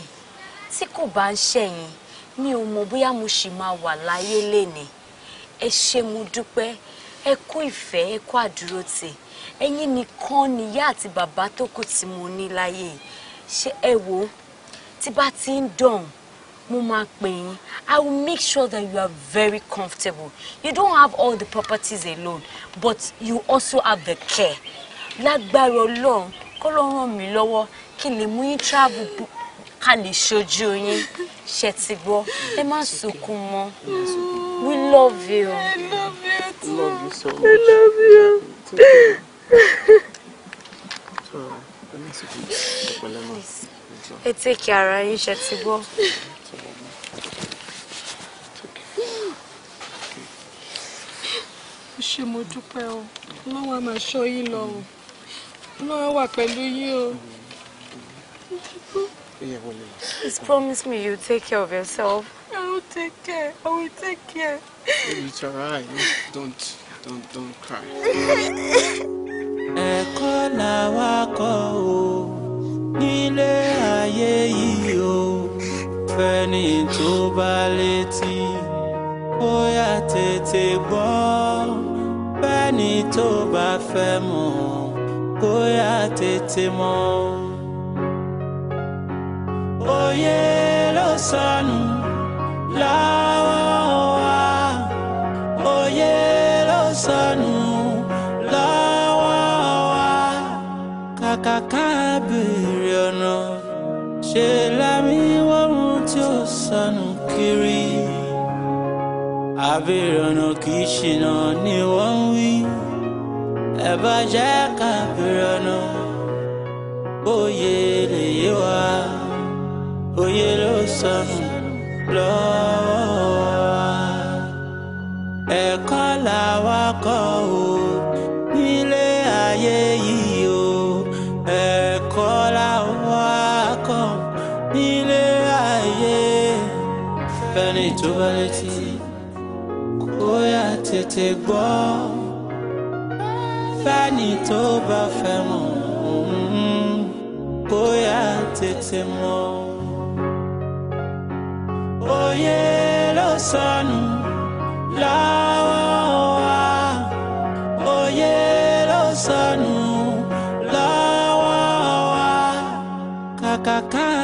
tí kò bá ń ṣẹ̀yìn mi ò mọ̀ bóyá mo ṣì máa wà láyé lénìí ẹ ṣé mo dúpẹ́ ẹ kú ìfẹ́ ẹ kú àdúrótì ẹ̀yin nìkan nìyá àti bàbá tó kù tí mo ní láyé ṣé ẹ wo tí bá ti ń dọ̀hún mo máa pè yín i will make sure that you are very comfortable you don't have all the properties alone but you also have the care lágbára ọlọ́run kó ló ràn mí lọ́wọ́ kí n lè mú yín travel ká lè ṣojú yín ṣe ti gbọ́ ẹ má sunkún mọ́ we love you. I love you too. love you so I love you. ẹ take care ara yín ṣe ti gbọ́. ṣé mo dúpẹ́ o ọlọ́wọ́ a máa ṣọ́ yín lọ o ọlọ́wọ́ wà pẹ̀lú yín o. Please promise me you take care of yourself. I will take care. I will take care. It's alright. Don't don't don't cry. Ẹ̀kọ́ làwa kọ́ o nílé ayé yìí o fẹ́ni tó bá létí bóyá tètè gbọ́ ẹni tó bá fẹ́ mọ̀ kó yá tètè mọ̀ òye ló sọnù láwọ́ wa òye ló sọnù láwọ́ wa kàkà ká béèrè ọ̀nà ṣe lámì wọ́n tí ó sọnù àbẹ̀rẹ̀ ọ̀nà kì í ṣìnà ni wọ́n ń wí ẹ bá jẹ́ ká bẹ̀rẹ̀ ọ̀nà bóyè lè yé wa òye ló sọnù lọ́wọ́ wa ẹ̀kọ́ làwa kọ́ o nílé ayé yìí o ẹ̀kọ́ làwa kọ́ nílé ayé fẹ́ni tó bá ó yá tètè gbọ́ fẹ́ni tó bá fẹ́ mọ̀ ó yá tètè mọ̀ òye ló sọnù lọ́wọ́ wa òye ló sọnù lọ́wọ́ wa kàkàkà.